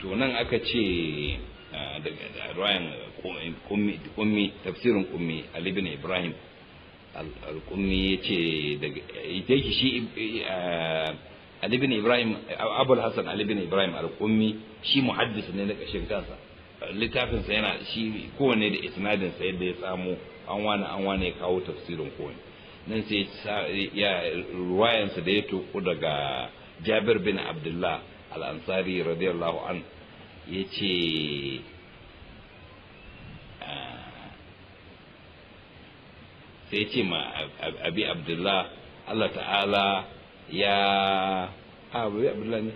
to nan aka ce daga ruwayan kummi tafsirin kummi alibin ibrahim al'kummi ya ce daga shi alibin ibrahim abul ibrahim al shi muhaddis ne na ƙashin littafinsa yana shi kowanne da isnadinsa yadda ya samu an wani an wani ya kawo tafsirin kowane nan sai ya ruwayansa da ya toku daga jabir bin abdullah al'ansari radiyallahu an ya ce ah, sai ce ma abi abdullah allah ta'ala ya ah, abi abdullah ne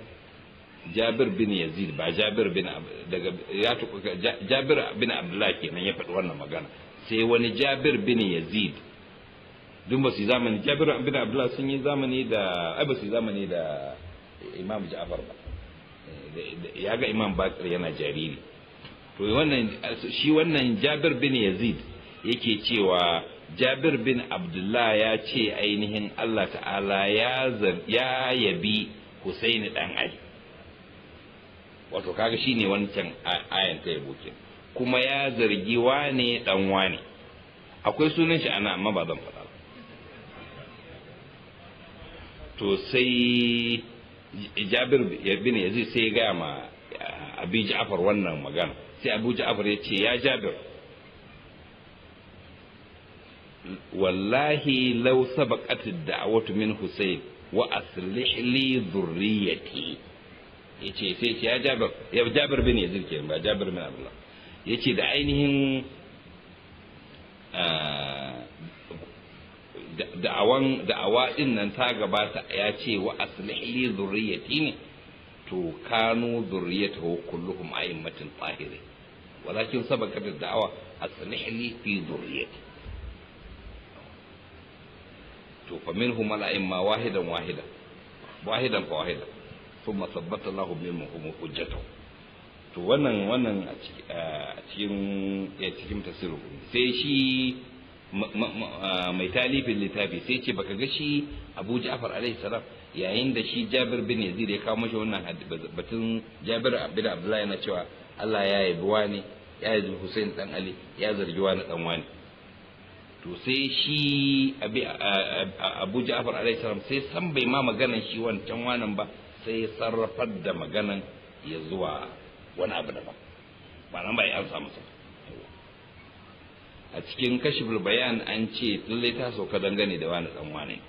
jabir bin yazid ba jabir bin daga ya jabir bin abdullahi kenan ya faɗi wannan magana sai wani jabir bin yazid duk ba su zamani jabir bin abdullahi sun yi zamani da ai ba su zamani da imam ja'far ba eh, ya ga imam bakir yana jariri to wannan shi wannan jabir bin yazid yake cewa jabir bin abdullah ya ce ainihin allah ta'ala ya yabi husaini dan ali wato kaga shine wancan ayan ta yabo kuma ya zargi wane dan wane akwai sunan shi ana amma ba zan faɗa ba to sai jabir bin yazid sai ya gaya ma eh, abi ja'far wannan magana sai abu ja'far ya ce ya jabir wallahi law sabaqat ad-da'watu min husayn wa aslih li dhurriyyati yace sai ce ya jabir ya jabir bin yazid ke ba jabir bin abdullah yace da ainihin ah, da'awan da'awa din nan ta gabata ya ce wa aslih li zurriyati ne to kanu zurriyatu kulluhum a'immatin tahiri walakin sabaka da da'awa aslih li fi zurriyati to fa minhum al-a'imma wahidan wahidan wahidan fa wahidan thumma sabbata Allahu minhum hujjatahu to wannan wannan a cikin ya cikin tasiru sai shi mai talibin littafi sai ce baka ga shi Abu Ja'far alaihi salam yayin da shi Jabir bin Yazid ya kawo mashi wannan batun Jabir bin Abdullah yana cewa Allah ya yi buwa ne ya yi Hussein dan Ali ya zargi wani dan wani to sai shi Abu Ja'far alaihi salam sai san bai ma maganar shi wancan wanan ba sai sarrafar da maganan ya zuwa wani abu daban ba ya an samu sa a cikin kashiful bayan an ce lallai ta sauka dangane da wani dan wani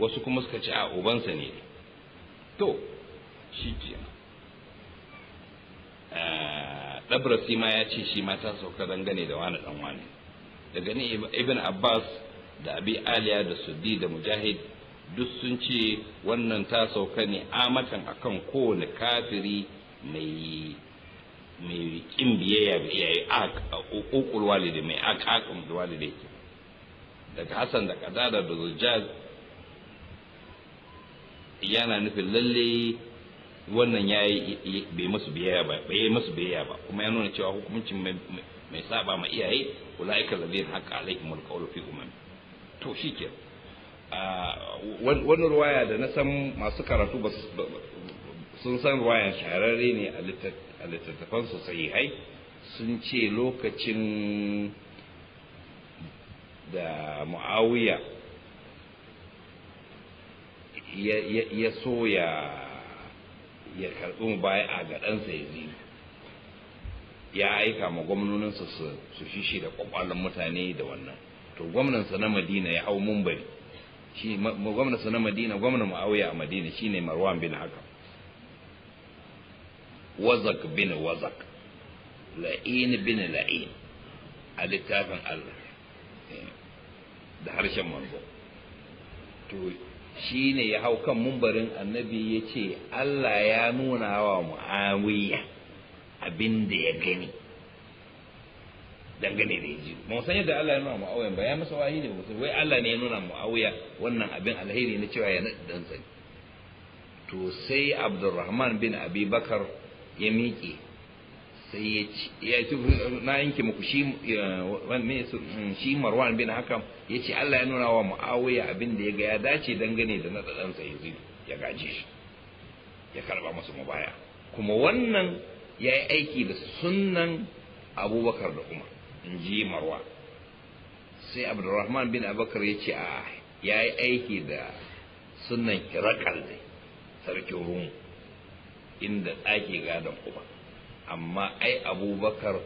wasu kuma suka ce a ubansa ne to shi kenan dabrasi ma ya ce shi ma ta sauka dangane da wani dan wani daga ni ibn abbas da abi aliya da suddi da mujahid duk sun ce wannan ta sauka ne amatan akan kowane kafiri mai mai kin biyayya a uqul walide mai aqaqum walide daga Hassan da kadada da zujjaz yana nufin lalle wannan yayi bai musu biyayya ba bai masu biyayya ba kuma ya nuna cewa hukuncin mai saba ma iyaye ulaika alladhina haqa alaikin qawlu fi umam to shikenan wani ruwaya da na san masu karatu sun san ruwayan shahararre ne a littattafan su sahihai sun ce lokacin da mu'awiya ya so ya ya karɓi baya a gaɗansa ya zini ya aika ma gwamnoninsa su shishi da ƙwaƙwalon mutane da wannan to gwamnansa na madina ya hau mumbari shi gwamnati sa na Madina gwamnan ma'auya a Madina shine Marwan bin Haka. Wazak bin Wazak La'in bin La'in a littafin Allah eh, da harshen manzo to shi ne ya hau kan mumbarin annabi ya ce Allah ya nuna wa mu'awiyya abin da ya gani dangane da yaji ba san yadda Allah ya nuna Muawiya ba ya masa wahi ne ba wai Allah ne ya nuna Muawiya wannan abin alheri na cewa ya naɗi dan tsari to sai Abdurrahman bin Abi Bakar ya miƙe sai ya ci ya ci na yanke muku shi mm, shi Marwan bin Hakam ya ce Allah ya nuna wa Muawiya abin da ya ga ya dace dangane da naɗa dan tsari ya gaje shi ya karba masa mubaya kuma wannan ya yi aiki da sunnan abubakar da umar in ji marwa sai abdurrahman bin abakar ya ce a ah, ya yi aiki da sunan hirakal ne sarkin rum inda ɗaki gadon uba amma ai abubakar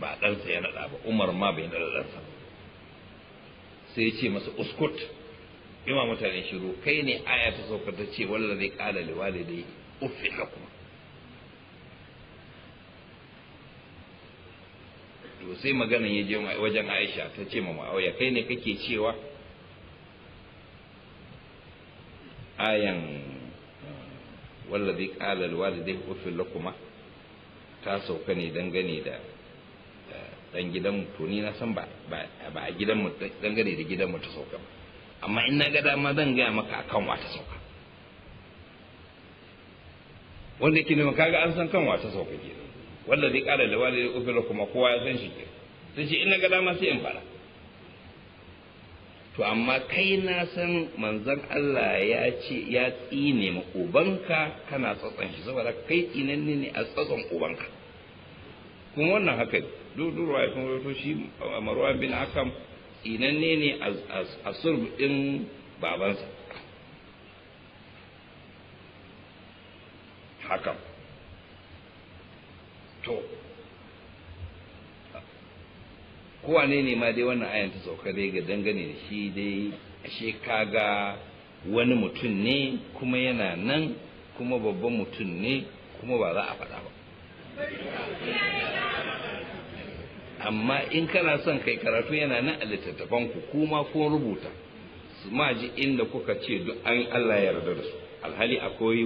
ba ɗansa ya naɗa ba umar ma bai naɗa ɗansa sai ce masa uskut ima mutane shiru kai ne aya ta sauka ta ce wallazi qala liwalidayhi kuma. lakum to sai magana ya je wajen Aisha ta ce ma ma'auya kai ne kake cewa ayan wallazi qala alwalidai ufil lakuma ta sauka ne dangane da dan gidan to ni na san ba ba a gidan mu dangane da gidan mu ta sauka amma in na ga dama zan ga maka akan wa ta sauka wanda yake ne kaga an san kan wa ta sauka kenan wanda zai kara da wani ufira kuma kowa ya san shi ke sai shi ina ga dama sai in fara to amma kai na san manzon Allah ya ce ya tsine ma ubanka kana tsatsan shi saboda kai tsinanne ne a tsatsan ubanka kuma wannan haka dudu ya kuma wato shi marwan bin akam tsinanne ne a surb din babansa hakan to kowane ne ma dai wannan ayan ta sauka dai ga dangane da shi dai a kaga wani mutum ne kuma yana nan kuma babban mutum ne kuma ba za a faɗa ba amma in kana son kai karatu yana nan a littattafan ku kuma ko rubuta su ma ji inda kuka ce duk an Allah ya yarda da su alhali akwai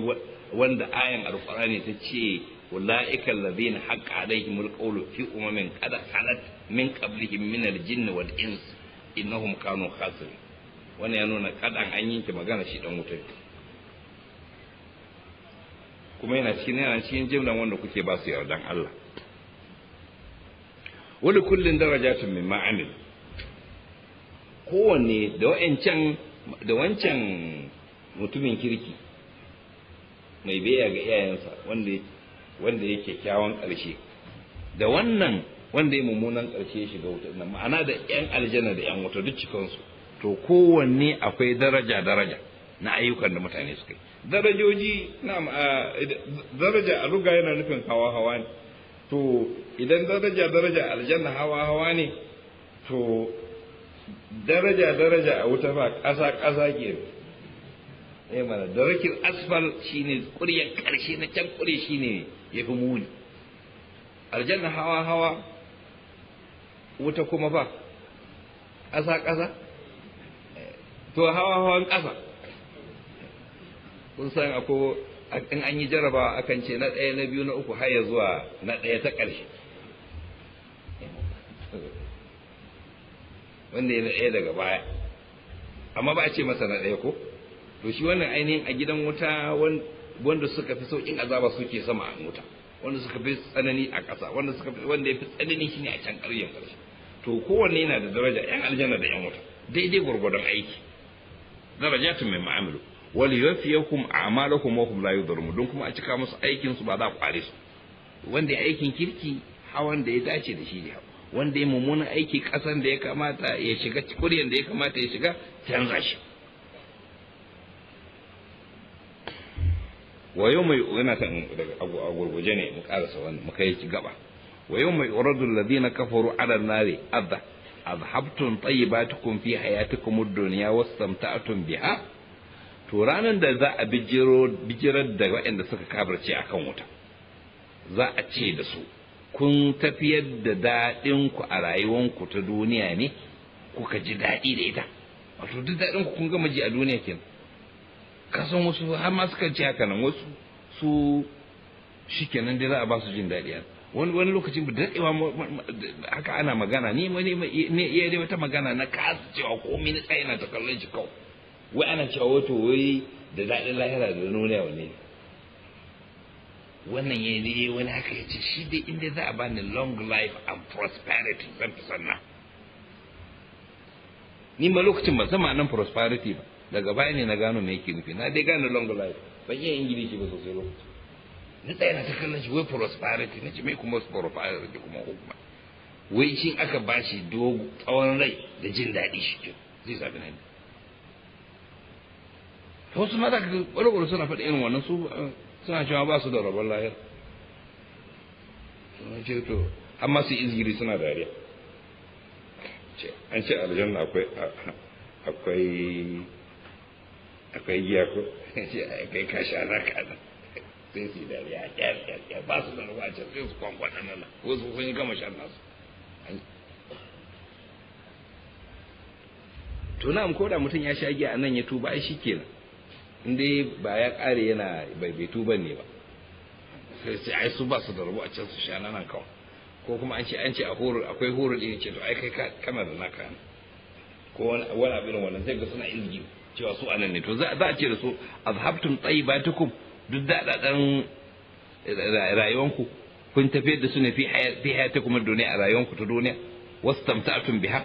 wanda ayan alqur'ani ta ce أولئك الذين حق عليهم القول في أمم قد خلت من قبلهم من الجن والإنس إنهم كانوا خاسرين wannan ya nuna kadan an yanke magana shi dan wuta kuma yana cikin yana cikin jimlan wanda kuke basu su yardan Allah wani kullun darajatun min ma'amil kowanne da wancan da wancan mutumin kirki mai baya ga iyayensa wanda wanda yake kyawun ƙarshe da wannan wanda ya mummunan ƙarshe ya shiga wuta ma'ana da ƴan aljanna da ƴan wuta duk cikansu to kowanne akwai daraja daraja na ayyukan da mutane suka yi darajoji na daraja a ruga yana nufin hawa hawa ne to idan daraja daraja aljanna hawa hawa ne to daraja daraja a wuta ba ƙasa ƙasa ke ne eh, mana darakin asfal shine ƙuryar ƙarshe na can ƙure shine ya fi muni aljanna hawa hawa wuta kuma ba ƙasa ƙasa to hawa hawan ƙasa kun san ako in an yi jaraba akan ce na ɗaya na biyu na uku har ya zuwa na ɗaya ta ƙarshe wanda ya na ɗaya daga baya amma ba a ce masa na ɗaya ko to shi wannan ainihin a gidan wuta wanda suka fi saukin azaba suke sama a mota wanda suka fi tsanani a ƙasa wanda suka fi wanda ya fi tsanani shine a can ƙaryen ƙarshe to kowanne yana da daraja yan aljanna da yan wuta daidai gwargwadon aiki darajatun mai ma'amilu wal yufiyakum a'malakum wa hum la yudhalamun don kuma a cika musu aikin su ba za a kware su wanda ya aikin kirki hawan da ya dace da shi ne wanda ya mummunan aiki kasan da ya kamata ya shiga kuryan da ya kamata ya shiga canza shi wa yau mai yana san a gurguje ne mu karasa wani mu kai ki gaba wa yau mai uradul ladina kafaru ala nari adha azhabtum tayyibatukum fi hayatikum ad-dunya wastamta'tum biha to ranan da za a bijiro bijirar da waɗanda suka kabarce akan wuta za a ce da su kun tafiyar da daɗin ku a rayuwanku ta duniya ne kuka ji daɗi da ita wato duk daɗin ku kun gama ji a duniya kenan kasan wasu har ma suka ce haka nan wasu su kenan dai za a ba su jin daɗi wani wani lokacin da daɗewa haka ana magana ni wani ne iya dai wata magana na kasa cewa ko mini tsaye na ta kallon shi kawai wai ana cewa wato wai da daɗin lahira da nuna wani wannan ya yi wani haka ya ce shi dai inda za a bani long life and prosperity zan fi sannan ni ma lokacin ban san nan prosperity ba daga baya ne na gano me yake nufi na dai gane long life ban iya ingilishi ba sosai lokaci na tsaye na ta kallon shi wai prosperity na ce mai kuma prosperity kuma hukuma wai shi aka bashi dogo tsawon rai da jin daɗi shi ke zai sami nan wasu mata ka ƙwarƙwar suna faɗi irin wannan su eh, suna cewa ba su da rabon lahir suna ce to amma su izgiri suna dariya an ce aljanna akwai akwai akwai giya ko kai ka sha na kada sai su da ya kyar kyar ba su da ruwa a can sai su na nan ko su sun yi gama shan nasu Tuna na ko da mutum ya sha giya a nan ya tuba ai shikenan in dai ba ya kare yana bai bai tuba ne ba sai sai ai su ba su da ruwa a can su sha nan kawai ko kuma an ce an ce a akwai horo ɗin ce to ai kai kana da naka ko wani abin wannan zai ga suna ilgi cewa su anan ne to za a ce da su azhabtum tayyibatukum duk da dadan rayuwanku kun tafi da su ne fi hayatikum duniya a rayuwanku ta duniya wastamta'tum biha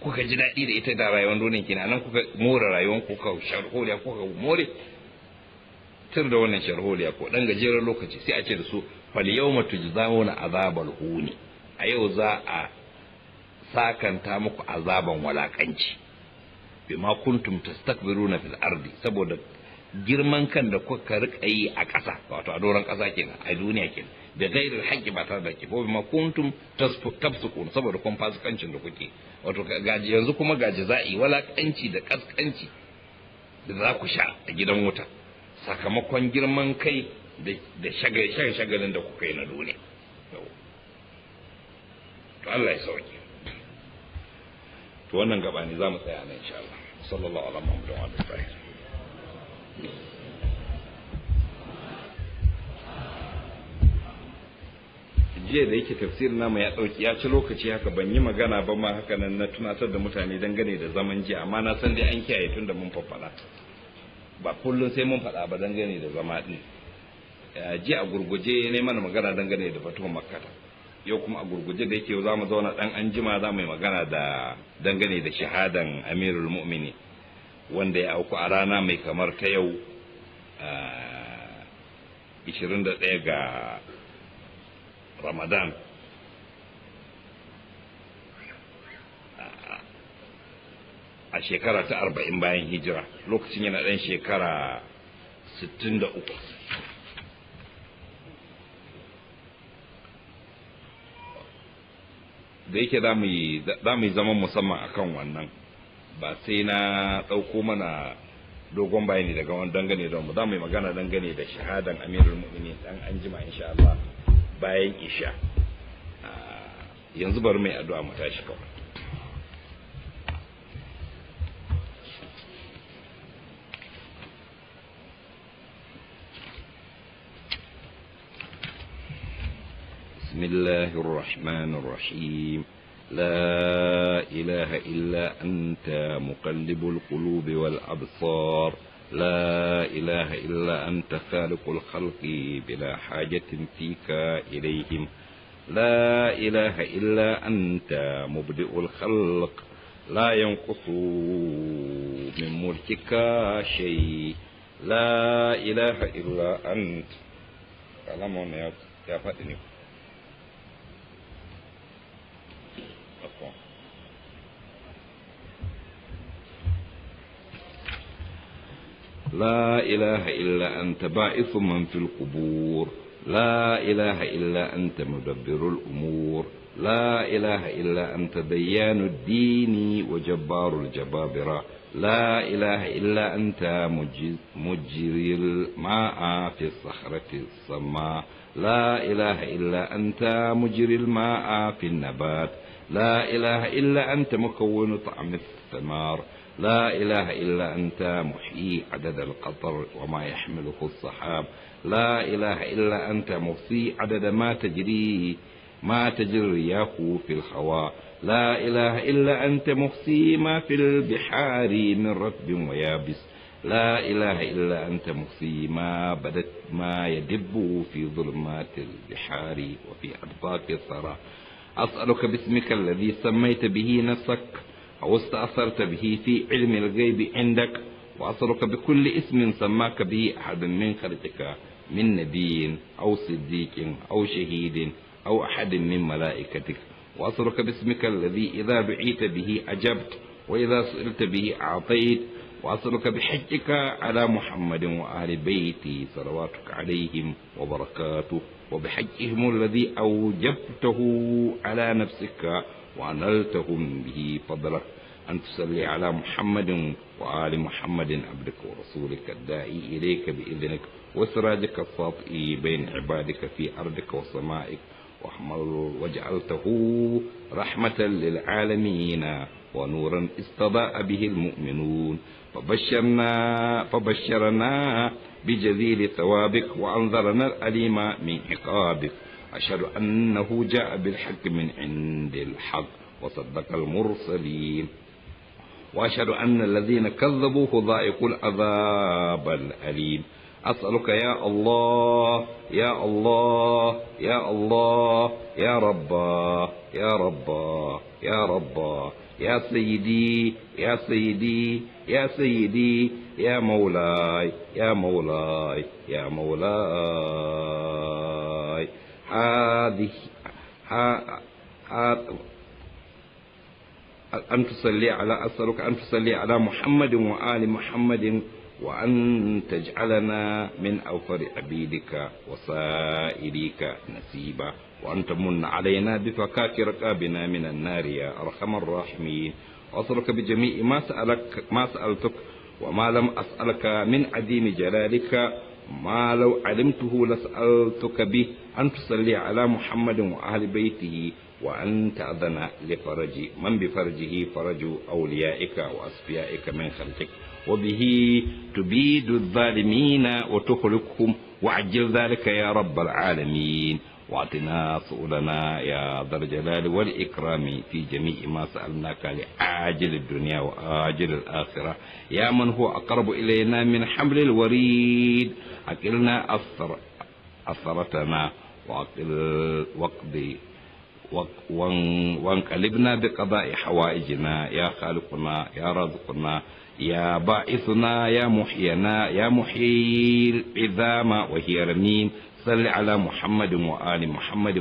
kuka ji daɗi da ita da rayuwar duniya kina nan kuka more rayuwar kuka sharholiya kuka more tun da wannan sharholiya ko dan gajeren lokaci sai a ce da su fal yawma tujzauna azabal huni a yau za a sakanta muku azaban walakanci bima kuntum tastakbiruna fil ardi saboda girman kan da kuka rika yi a ƙasa wato a doron ƙasa kenan a duniya kenan da gairar haƙƙi ba tare da ke ko bima kuntum tafsukun saboda kun fasikancin da kuke wato gaji yanzu kuma gaji za'i walakanci da kaskanci da za ku sha a gidan wuta sakamakon girman kai da shagalin da kuka yi na duniya to Allah ya sauke to wannan gaba ne za mu tsaya nan insha Allah صلى الله على محمد وعلى اله jiya da yake tafsirin namu ya ɗauki ya ci lokaci haka ban yi magana ba ma haka nan na tunatar da mutane dangane da zaman jiya amma na san dai an kiyaye tun da mun faɗa ba kullum sai mun faɗa ba dangane da zama ɗin eh, jiya a gurguje ne mana magana dangane da fatuwar makkata yau kuma a gurguje da yake za mu zauna dan an jima za mu yi magana da dangane da shahadan amirul mu'mini wanda ya auku a rana mai kamar ta yau 21 ga ramadan a shekara ta 40 bayan hijira lokacin yana dan shekara 63 da yake za mu yi zaman musamman akan wannan ba sai na ɗauko mana dogon bayani daga wani dangane da mu za mu yi magana dangane da shahadan amirul mu'minin dan an jima insha Allah bayan isha ah, yanzu bari mai addu'a mu tashi kawai بسم الله الرحمن الرحيم لا إله إلا أنت مقلب القلوب والأبصار لا إله إلا أنت خالق الخلق بلا حاجة فيك إليهم لا إله إلا أنت مبدئ الخلق لا ينقص من ملكك شيء لا إله إلا أنت كلام يا فاتني لا إله إلا أنت باعث من في القبور لا إله إلا أنت مدبر الأمور لا إله إلا أنت ديان الدين وجبار الجبابرة لا إله إلا أنت مجري الماء في الصخرة الصماء لا إله إلا أنت مجري الماء في النبات لا إله إلا أنت مكون طعم الثمار لا إله إلا أنت محيي عدد القطر وما يحمله الصحاب لا إله إلا أنت مفسي عدد ما تجري ما تجري الرياح في الهواء لا إله إلا أنت مفسي ما في البحار من رطب ويابس لا إله إلا أنت مخزي ما بدت ما يدب في ظلمات البحار وفي أطباق الثرى أسألك باسمك الذي سميت به نفسك أو استأثرت به في علم الغيب عندك وأصلك بكل اسم سماك به أحد من خلقك من نبي أو صديق أو شهيد أو أحد من ملائكتك وأصلك باسمك الذي إذا دعيت به أجبت وإذا سئلت به أعطيت وأصلك بحجك على محمد وآل بيته صلواتك عليهم وبركاته وبحجهم الذي أوجبته على نفسك ونلتهم به فضلك أن تصلي على محمد وآل محمد عبدك ورسولك الداعي إليك بإذنك وسراجك الساطئ بين عبادك في أرضك وسمائك واحمل وجعلته رحمة للعالمين ونورا استضاء به المؤمنون فبشرنا فبشرنا بجزيل ثوابك وأنذرنا الأليم من عقابك أشهد أنه جاء بالحق من عند الحق وصدق المرسلين وأشهد أن الذين كذبوه ذائقوا العذاب الأليم أسألك يا الله يا الله يا الله يا رب يا رب يا رب يا سيدي يا سيدي يا سيدي يا مولاي يا مولاي يا مولاي هذه أن تصلي على أسألك أن تصلي على محمد وآل محمد وأن تجعلنا من أوفر عبيدك وسائريك نسيبا وأن تمن علينا بفكاك ركابنا من النار يا أرحم الراحمين وأسألك بجميع ما سألك ما سألتك وما لم أسألك من عديم جلالك ما لو علمته لسألتك به أن تصلي على محمد وأهل بيته وأن تأذن لفرج من بفرجه فرج أوليائك وأصفيائك من خلقك وبه تبيد الظالمين وتخلقهم وعجل ذلك يا رب العالمين واعطنا سؤلنا يا ذا الجلال والإكرام في جميع ما سألناك لآجل الدنيا وآجل الآخرة يا من هو أقرب إلينا من حمل الوريد أكلنا أثرتنا وأقل واقضي وانقلبنا بقضاء حوائجنا يا خالقنا يا رازقنا يا باعثنا يا محينا يا محيي العظام وهي رميم صل على محمد وآل محمد